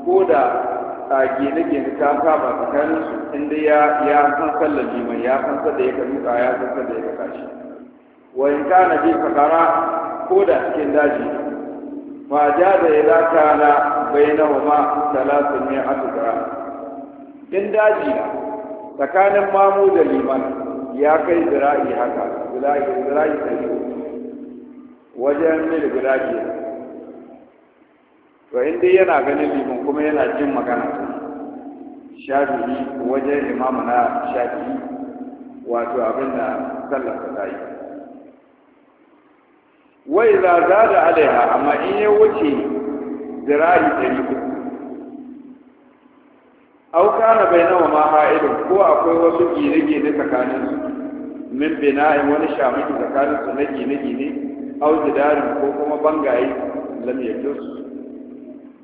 ko da a gine-gine ta saba tsakanin su inda ya ya san sallar liman ya san sadda ya kaduka ya san sadda ya kashi wa in kana bi fakara ko da cikin daji fa ja da ya zaka na talatin salatun min asgara in daji tsakanin mamu da liman ya kai zira'i haka zira'i zira'i sai wajen mil zira'i to inda yana ganin liman kuma yana jin magana shafi'i wajen imamu na shafi'i wato abin da sallaka ta yi wai za za da alaiha amma in ya wuce zirari ɗari uku au na bai nawa ma ha'idin ko akwai wasu gine-gine tsakanin su min bina'in wani shamaki tsakanin su na gine-gine au zidarin ko kuma bangaye lam su?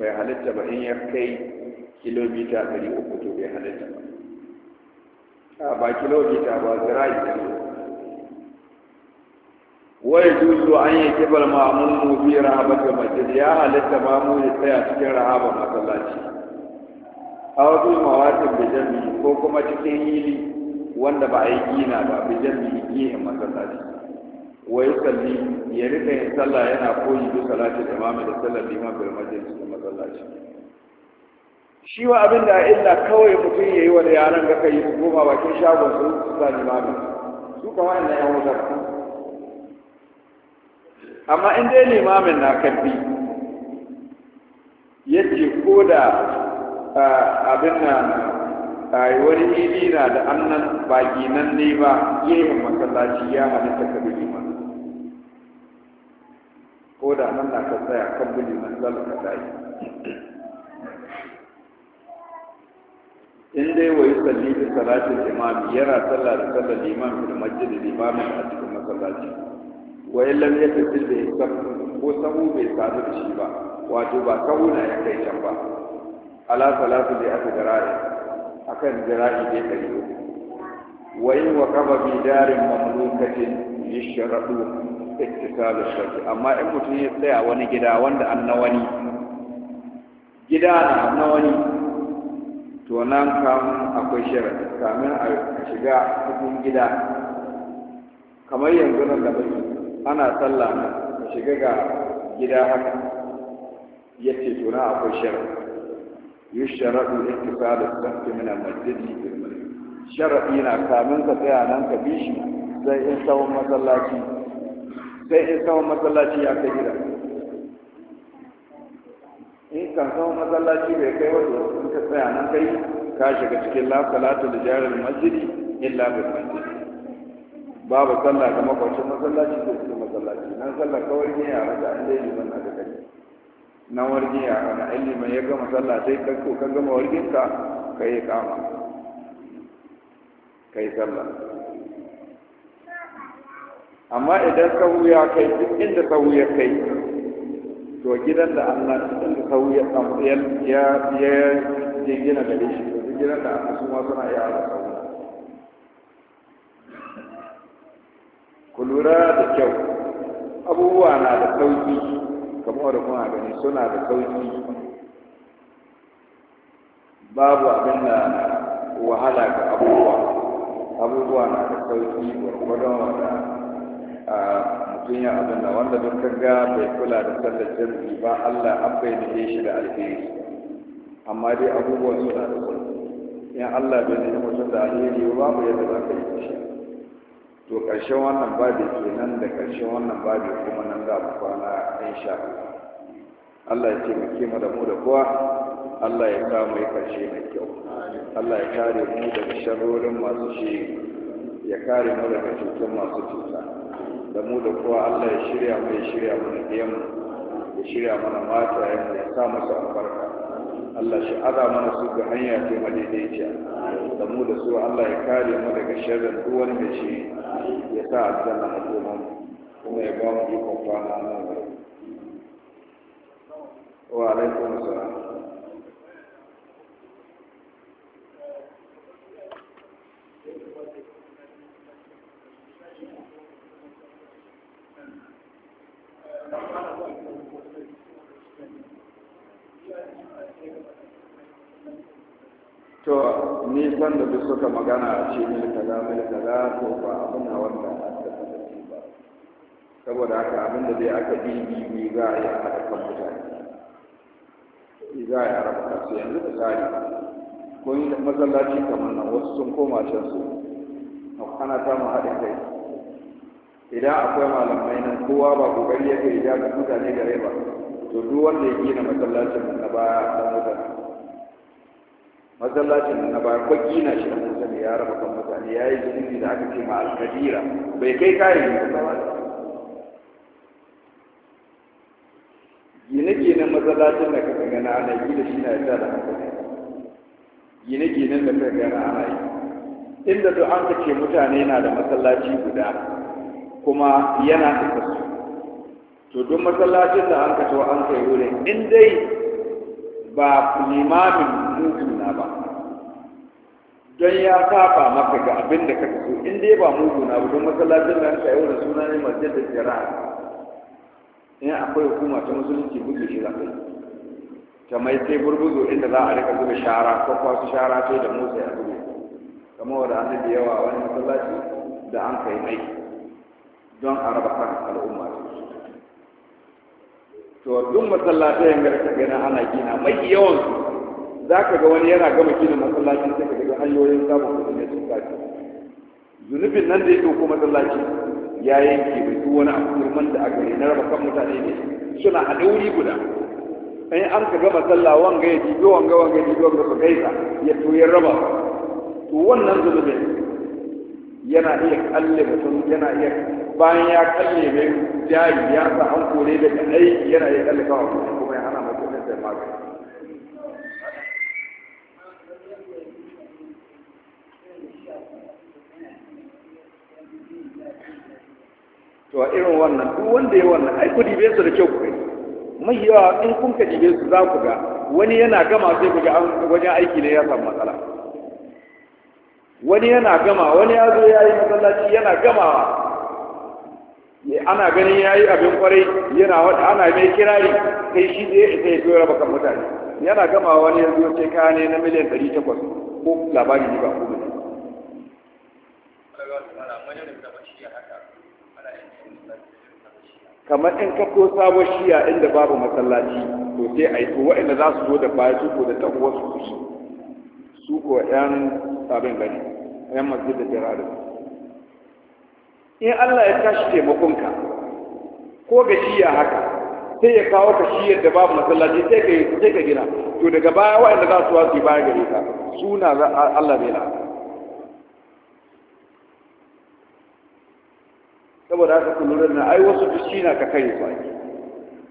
bai halitta ba in ya kai kilomita 300 to bai halitta ba a ba kilomita ba zira ta ne wai juzu an yi kibar ma'amun mu fi rahabar da masjid ya halitta ma mu ya tsaya cikin rahaba masallaci a wasu mawatin bijan ko kuma cikin yili wanda ba a yi gina ba bijan bijami gina masallaci wa kalli ya rika yin sallah yana koyi salati da imami da sallar liman bil majlis cikin masallaci shi wa abin da illa kawai mutum yi wa yaran ga kai goma bakin shagon su sa limami su kawai na yan wutar amma in dai limamin na kabbi yace ko da abin nan wani ilina na da annan baki nan ne ba wa masallaci ya halitta ka bi ko da nan na ka tsaya kan bili na zala ka dai in dai wa salli da salatin imami yana sallah da sallar liman da masjidin limamin a cikin masallaci wa in lam yatasil da hisab ko sahu bai sadu da shi ba wato ba sahu na ya kai can ba ala salatu da aka jira'i akan jira'i dai kai wa in wa kaba bi darin mamlukatin yashradu ittisalu shaki amma in mutum ya tsaya wani gida wanda an na wani gida na na wani to nan kam akwai sharadi kamin a shiga cikin gida kamar yanzu nan da bai ana sallah na ka shiga ga gida haka yace to na akwai sharadi yusharadu ittisalu shaki min al-masjidi bil masjid sharadi na kamin ka tsaya nan ka bi shi sai in tsawon masallaci sai in saman matsalaci ya kai gida in kan saman matsalaci bai kai wato in ka tsaya nan kai ka shiga cikin la da jarar masjidi illa bil masjid babu sallah ga makwacin matsalaci ko cikin matsalaci nan sallah kawai ne ya rasa an dai liman na kai nan warge ya kana an liman ya gama sallah sai ka ko ka gama wargin ka yi kama ka yi sallah amma idan ka ya kai duk inda ka ya kai to gidan da Allah duk inda sahu ya ya ya ya gina da shi duk gidan da Allah su ma suna ya da sahu ku lura da kyau abubuwa na da sauki kamar da kuma gani suna da sauki babu abin da wahala ga abubuwa abubuwa na da sauki gwargwadon wanda a mutum ya abin da wanda duk kaga bai kula da sallar jirgi ba Allah an bai da shi da alheri amma dai abubuwan suna da sulhu in Allah bai da mutum da alheri ba mu yadda za ka yi shi to ƙarshen wannan babi kenan da ƙarshen wannan babi kuma nan za mu kwana in Allah Allah ya taimake mu da mu da kowa Allah ya sa mu yi ƙarshe mai kyau Allah ya kare mu daga sharorin masu shi ya kare mu daga cutar masu cuta da mu da kowa Allah ya shirya mu ya shirya mana mu ya shirya mana mata ya sa masa albarka Allah shi aza mana su ga hanya ta madaidaiciya da mu da su Allah ya kare mu daga sharrin duk wani da shi ya sa aljanna a koma kuma ya ba mu ikon kwana nan wa alaikum assalam Thank you. to ni san da duk suka magana a ce za mai ka kaza ko ba abin da wanda aka kasance ba saboda haka abin da zai aka bi bi za a yi a haɗa kan mutane bi za a yi a raba su yanzu tsari ko yi masallaci kamar nan wasu sun koma can su ana samun haɗin kai idan akwai malamai nan kowa ba kokari yake ya ga mutane gare ba to duk wanda ya gina masallacin na baya dan mutan masallacin na baya ko gina shi da mutane ya raba kan mutane ya yi zunubi da aka ce ma alkabira bai kai ne ba gine-ginen masallacin da kaka gana ana yi da shi na yadda da hankali gine-ginen da kaka gana ana yi inda duk an kace ce mutane na da masallaci guda kuma yana da su to duk masallacin da an ka tawa an kai wurin in dai ba limamin mugu na ba don ya saba maka ga abin da ka so in dai ba mugu na ba don masallacin da an kai wurin suna ne masjid da jira'a in akwai hukuma ta musulunci bugu shi za yi ta mai sai burbuzo inda za a rika zuba shara ko kwasu shara sai da musa ya zube kamar wanda an da yawa wani masallaci da an kai mai don a raba kan al'umma to duk masallatai yanga da kaga na ana gina mai yawan za ka ga wani yana gama gina masallaci sai ka ga hanyoyin samun kuɗi ne sun kaci zunubin nan da ya ɗauko masallaci ya yanke bai duk wani abubuwan da aka yi na raba kan mutane ne suna a dauri guda in an ka gama sallah wanga ya jibi wanga wanga ya jibi wanga ka gaisa ya to ya raba to wannan zunubin yana iya kalle mutum yana iya bayan ya kalle mai jari ya sa an kore daga aiki yana iya kalle kawo mutum kuma ya hana mutum da magani to a irin wannan duk wanda ya wannan ai ku dibe su da kyau ku kai mai yawa in kun ka dibe su za ku ga wani yana gama sai ku ga wajen aiki ne ya samu matsala wani yana gama wani ya zo ya yi masallaci yana gamawa ana ganin ya yi abin kwarai yana wata ana mai kirari kai shi zai isa ya biyo raba kan mutane yana gamawa wani ya zo ce kaya ne na miliyan ɗari takwas ko labari ne ba ko mutum. kamar in ka ko sabon shiya inda babu masallaci to sai a yi to waɗanda za su zo da baya su ko da ɗan su su su ko yan sabin gani yan da su. in Allah ya tashi taimakonka ko ga shi ya haka sai ya kawo ka shi yadda babu masallaci sai ka sai ka gina to daga baya waɗanda za su wasu baya gare ka suna Allah zai la'a saboda haka ku lura na ai wasu shi na ka kare su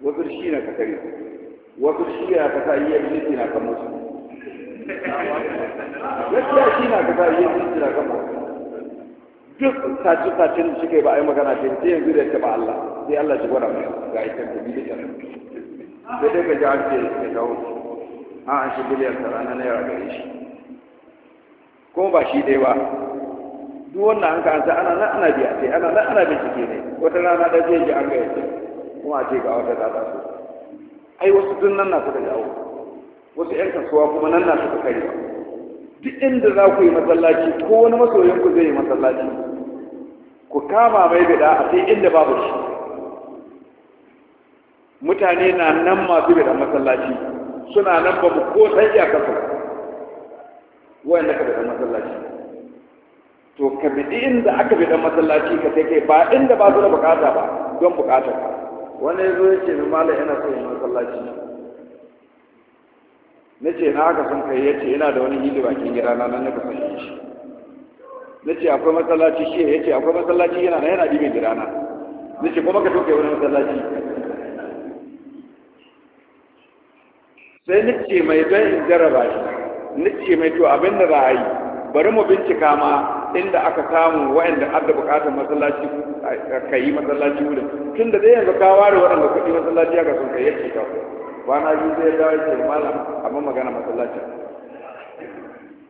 wasu shi na ka kare su wasu shi na ka sa iya dushi na ka musu gaskiya shi na gaba yi shi na gaba duk sace-sacen da suka yi ba a yi magana ce sai yanzu da taba Allah sai Allah shi gwada mai ga ita da biyu da sai dai ka ji an ce ya kawo a an shi biliyan tara na naira gare shi kuma ba shi dai ba duk wannan an ka an sa ana nan ana biya sai ana nan ana bincike ne wata rana da zai ji an ga yace kuma a ce ga wata ta taso ai wasu tun nan na suka jawo wasu 'yan kasuwa kuma nan na suka kai duk inda za ku yi masallaci ko wani masoyin ku zai yi masallaci ku kama mai bida a sai inda babu shi mutane na nan masu bida masallaci suna nan ba mu ko san iya kasu wanda ka bida masallaci to ka bidi inda aka bida masallaci ka sai kai ba inda ba su da bukata ba don bukatar wani zo ya ce mai malam yana so yin masallaci na ce na haka sun kai ya ce yana da wani hili bakin gida na nan ka kasance shi na ce akwai masallaci shi ya ce akwai masallaci yana na yana dibe gida na na ce kuma ka toke wani masallaci sai na ce mai don in jaraba shi na ce mai to abin da za a yi bari mu bincika ma inda aka samu wa'anda adda bukatar masallaci ka yi masallaci wurin tun da zai yanzu ka ware waɗanda kuɗi masallaci aka sun kai yake ka na biyu zai dawo ce malam amma magana masallaci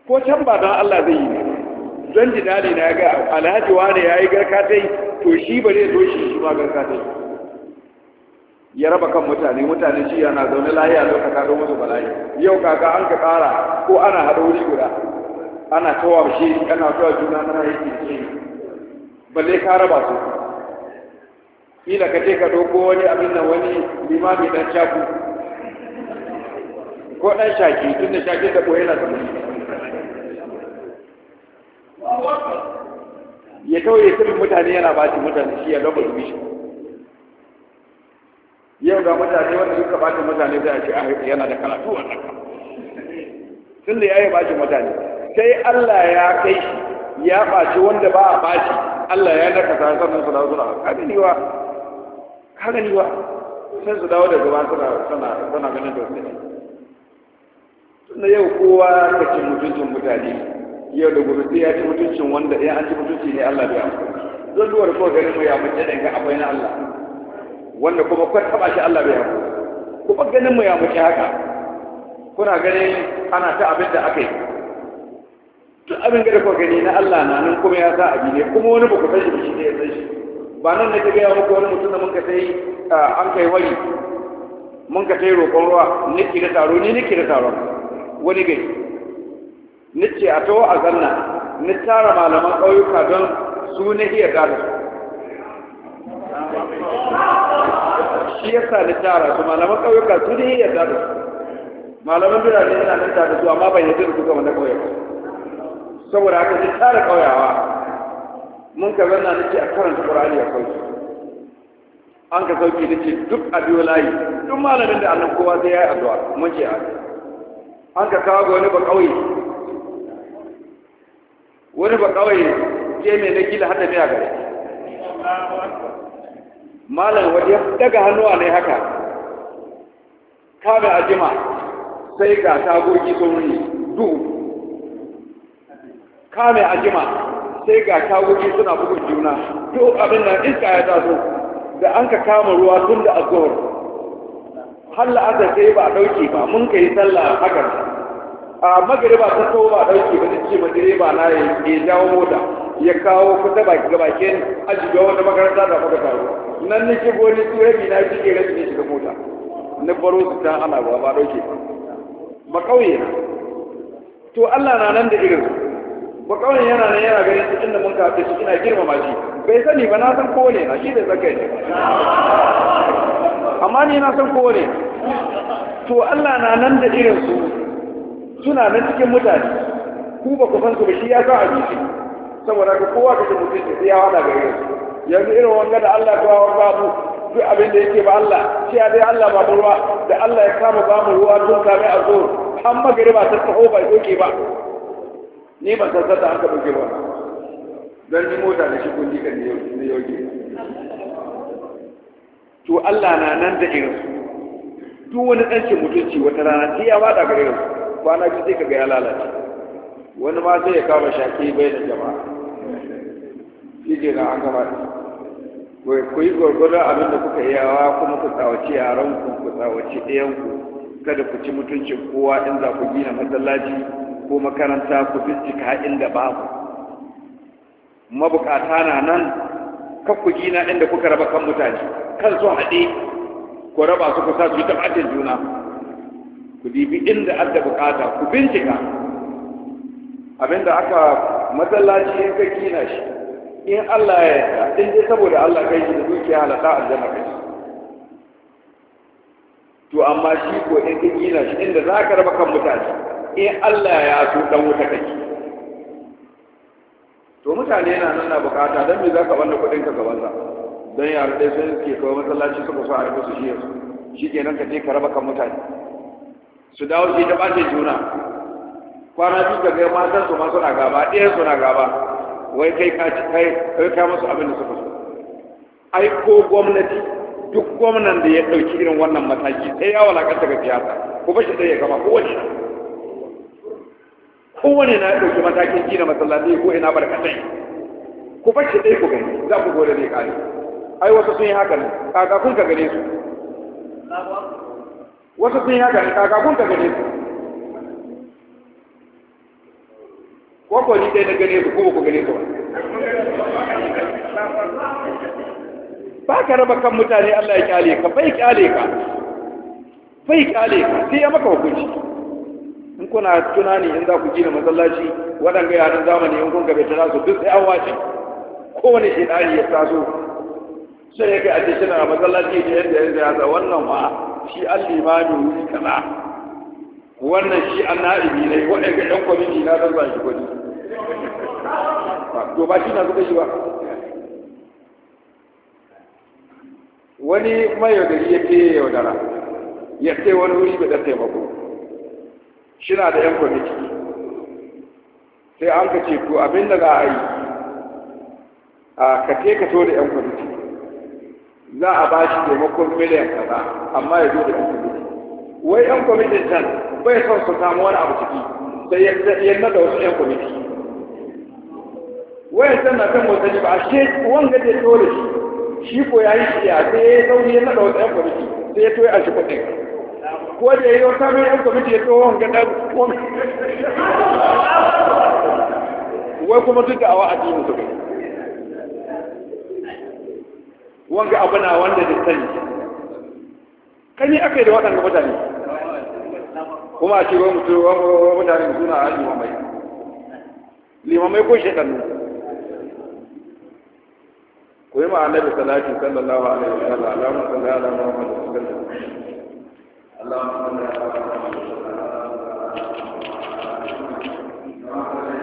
ko can ba dan Allah zai yi ne ji dadi na ga alhaji wani ya yi garka ta yi to shi ba zai zo shi shi ma garka ta yi ya raba kan mutane mutane shi yana zaune lahiya lokaka don musu balayi. yau kaka an ka tsara ko ana haɗa wuri guda ana tawa shi kana zuwa juna na yake ce balle ka raba su kila ka je ka doko wani abin nan wani limami dan shaku ko dan shaki tunda shaki da boye na zama ya tauye sirrin mutane yana ba shi mutane shi ya gaba su shi yau ga mutane wanda suka ba shi mutane zai ce ah, yana da karatu a tsaka da ya yi ba shi mutane sai Allah ya kai shi ya ɓaci wanda ba a faci Allah ya daga ta san su dawo suna kaga ni wa wa sai su dawo da gaba suna suna suna ganin da tunda yau kowa ka ci mutuncin mutane yau da gobe sai ya ci mutuncin wanda ya an ci mutunci ne Allah ya amfani zan duwar ko garin mu ya mace da ga abai na Allah wanda kuma kwat taba shi Allah ya amfani kuma ganin mu ya mace haka kuna ganin ana ta abin da aka yi duk abin da kuka gani na Allah na nan kuma ya sa abi ne kuma wani ba ku san shi ba shi ne ya san shi ba nan ta ga muku wani mutum da mun ka sai an kai wari mun ka sai roƙon ruwa nake da taro ni nake da taro wani gari nace a to a zanna ni tara malaman ƙauyuka don su ne iya gada su ya yasa ni tara su malaman ƙauyuka su ne iya gada su malaman birane yana nan da su amma ban yi da su kamar na ƙauyuka saboda haka ta tara ƙauyawa mun ka zanna ke a karanta ƙur'ani a kawai an ka sauke ke duk a biyo layi duk malamin da annan kowa zai ya yi addu'a mun ce a an ka kawo ga wani ba ƙauye wani ba ƙauye ke mai na gila hada biya gare malam wani ya daga hannuwa ne haka Kada a jima sai ga tagogi sun duk kame a jima sai ga tagogi suna bugun juna to abin nan iska ya taso da an ka kama ruwa tun da azhar har la'asar sai ba dauke ba mun kai sallah haka a magariba ta tawo ba dauke ba ce ma direba na ya jawo mota ya kawo kusa baki ga bakin ajiye wata makaranta da muka taro nan ke shigo ni turabi na shi ke rashin shiga mota na baro su ta ana ba ba dauke ba makauye to Allah na nan da irin ba kawai yana nan yana ganin cikin da mun kafe su ina girmama shi bai sani ba na san ko ne na shi bai zaka kai amma ni na san ko ne to Allah na nan da irin su suna nan cikin mutane ku ba ku san su ba shi ya san abinci saboda ka kowa ka ji mutum sai ya wada gare su yanzu irin wanga da Allah ta wa babu duk abin da yake ba Allah shi ya dai Allah ba ruwa da Allah ya kama babu ruwa tun kame a zo an magariba ta taho ba doke ba ni ba sassa ta haka buke ba don ni mota da shi kundi kan ne yauke to Allah na nan da irin su duk wani ɗancin mutunci wata rana sai ya bada gare su kwana biyu sai ka ya lalace wani ma sai ya kama shaƙi bai da jama'a shi ke na an gama ku yi gwargwadon abin da kuka yawa kuma ku tsawaci yaranku ku tsawaci ɗayanku kada ku ci mutuncin kowa in za ku gina masallaci ko makaranta ku bincika inda babu mabukata na nan kakku gina inda kuka raba kan mutane kan su haɗe ku raba su ku sa su yi tabbatin juna ku dibi inda adda bukata ku bincika abinda aka matsalaci in ka gina shi in Allah ya yarda in dai saboda Allah kai shi da dukiya halaka aljanna kai to amma shi ko in ka gina shi inda za ka raba kan mutane in Allah ya so dan wuta kake to mutane na nan na bukata dan me zaka wanda kudin ka gaban sa dan ya rade sai ke kawo masallaci suka so a rufe su shi shi nan ka je ka raba kan mutane su dawo shi ta bace juna kwana biyu ka ga matan su ma suna gaba ɗaya suna gaba wai kai ka ci kai kai ka musu abin da suka so ai ko gwamnati duk gwamnan da ya ɗauki irin wannan mataki sai ya walakanta ga siyasa ko ba shi ya gama ko wani kowane na ɗauki matakin gina masallaci ko ina barkatai ku bashi ɗaya ku gani za ku gode ne kare ai wasu sun yi haka ne kaka kun ka gane su wasu sun yi haka ne kaka kun ka gane su ko ko ni dai na gane su ko ku gane su ba ka raba kan mutane Allah ya kyale ka bai kyale ka bai kyale ka sai ya maka hukunci kuna tunani in za ku gina masallaci waɗanga yaran zamani in kun gabe ta nasu duk sai an wace kowane shedani ya taso sai ya kai ake shirin a masallaci da yadda ya ya sa wannan ma shi an limami wuri kana wannan shi an na'ibi ne waɗanda ɗan kwamiti na zan zan shi kwani to ba shi na suka shi ba wani mai yaudari ya ke yaudara ya ce wani wuri bai ɗan taimako shina da yan kwamiti sai an ka ce to abin da za a yi a ka te ka to da yan kwamiti za a ba shi taimakon miliyan kaza amma ya zo da yan kwamiti wai yan kwamitin can bai son su samu wani abu ciki sai ya nada wasu yan kwamiti wai san na kan motsa ba a ce wanga da tore shi shi ko ya yi shi a sai ya sauri ya nada wasu yan kwamiti sai ya toye a shi kwamiti ko da yayi wata mai yan kwamiti ya tsohon ga dan wai kuma duk da awa addini su kai wanga abu na wanda da sani kani yi aka yi da waɗanda mutane kuma a ce wani mutum wani mutane suna a limamai limamai ko shekaru ku yi ma'anar da salati sallallahu alaihi wa sallam alamun sallallahu alaihi wasallam اللهم صل على محمد وعلى آل محمد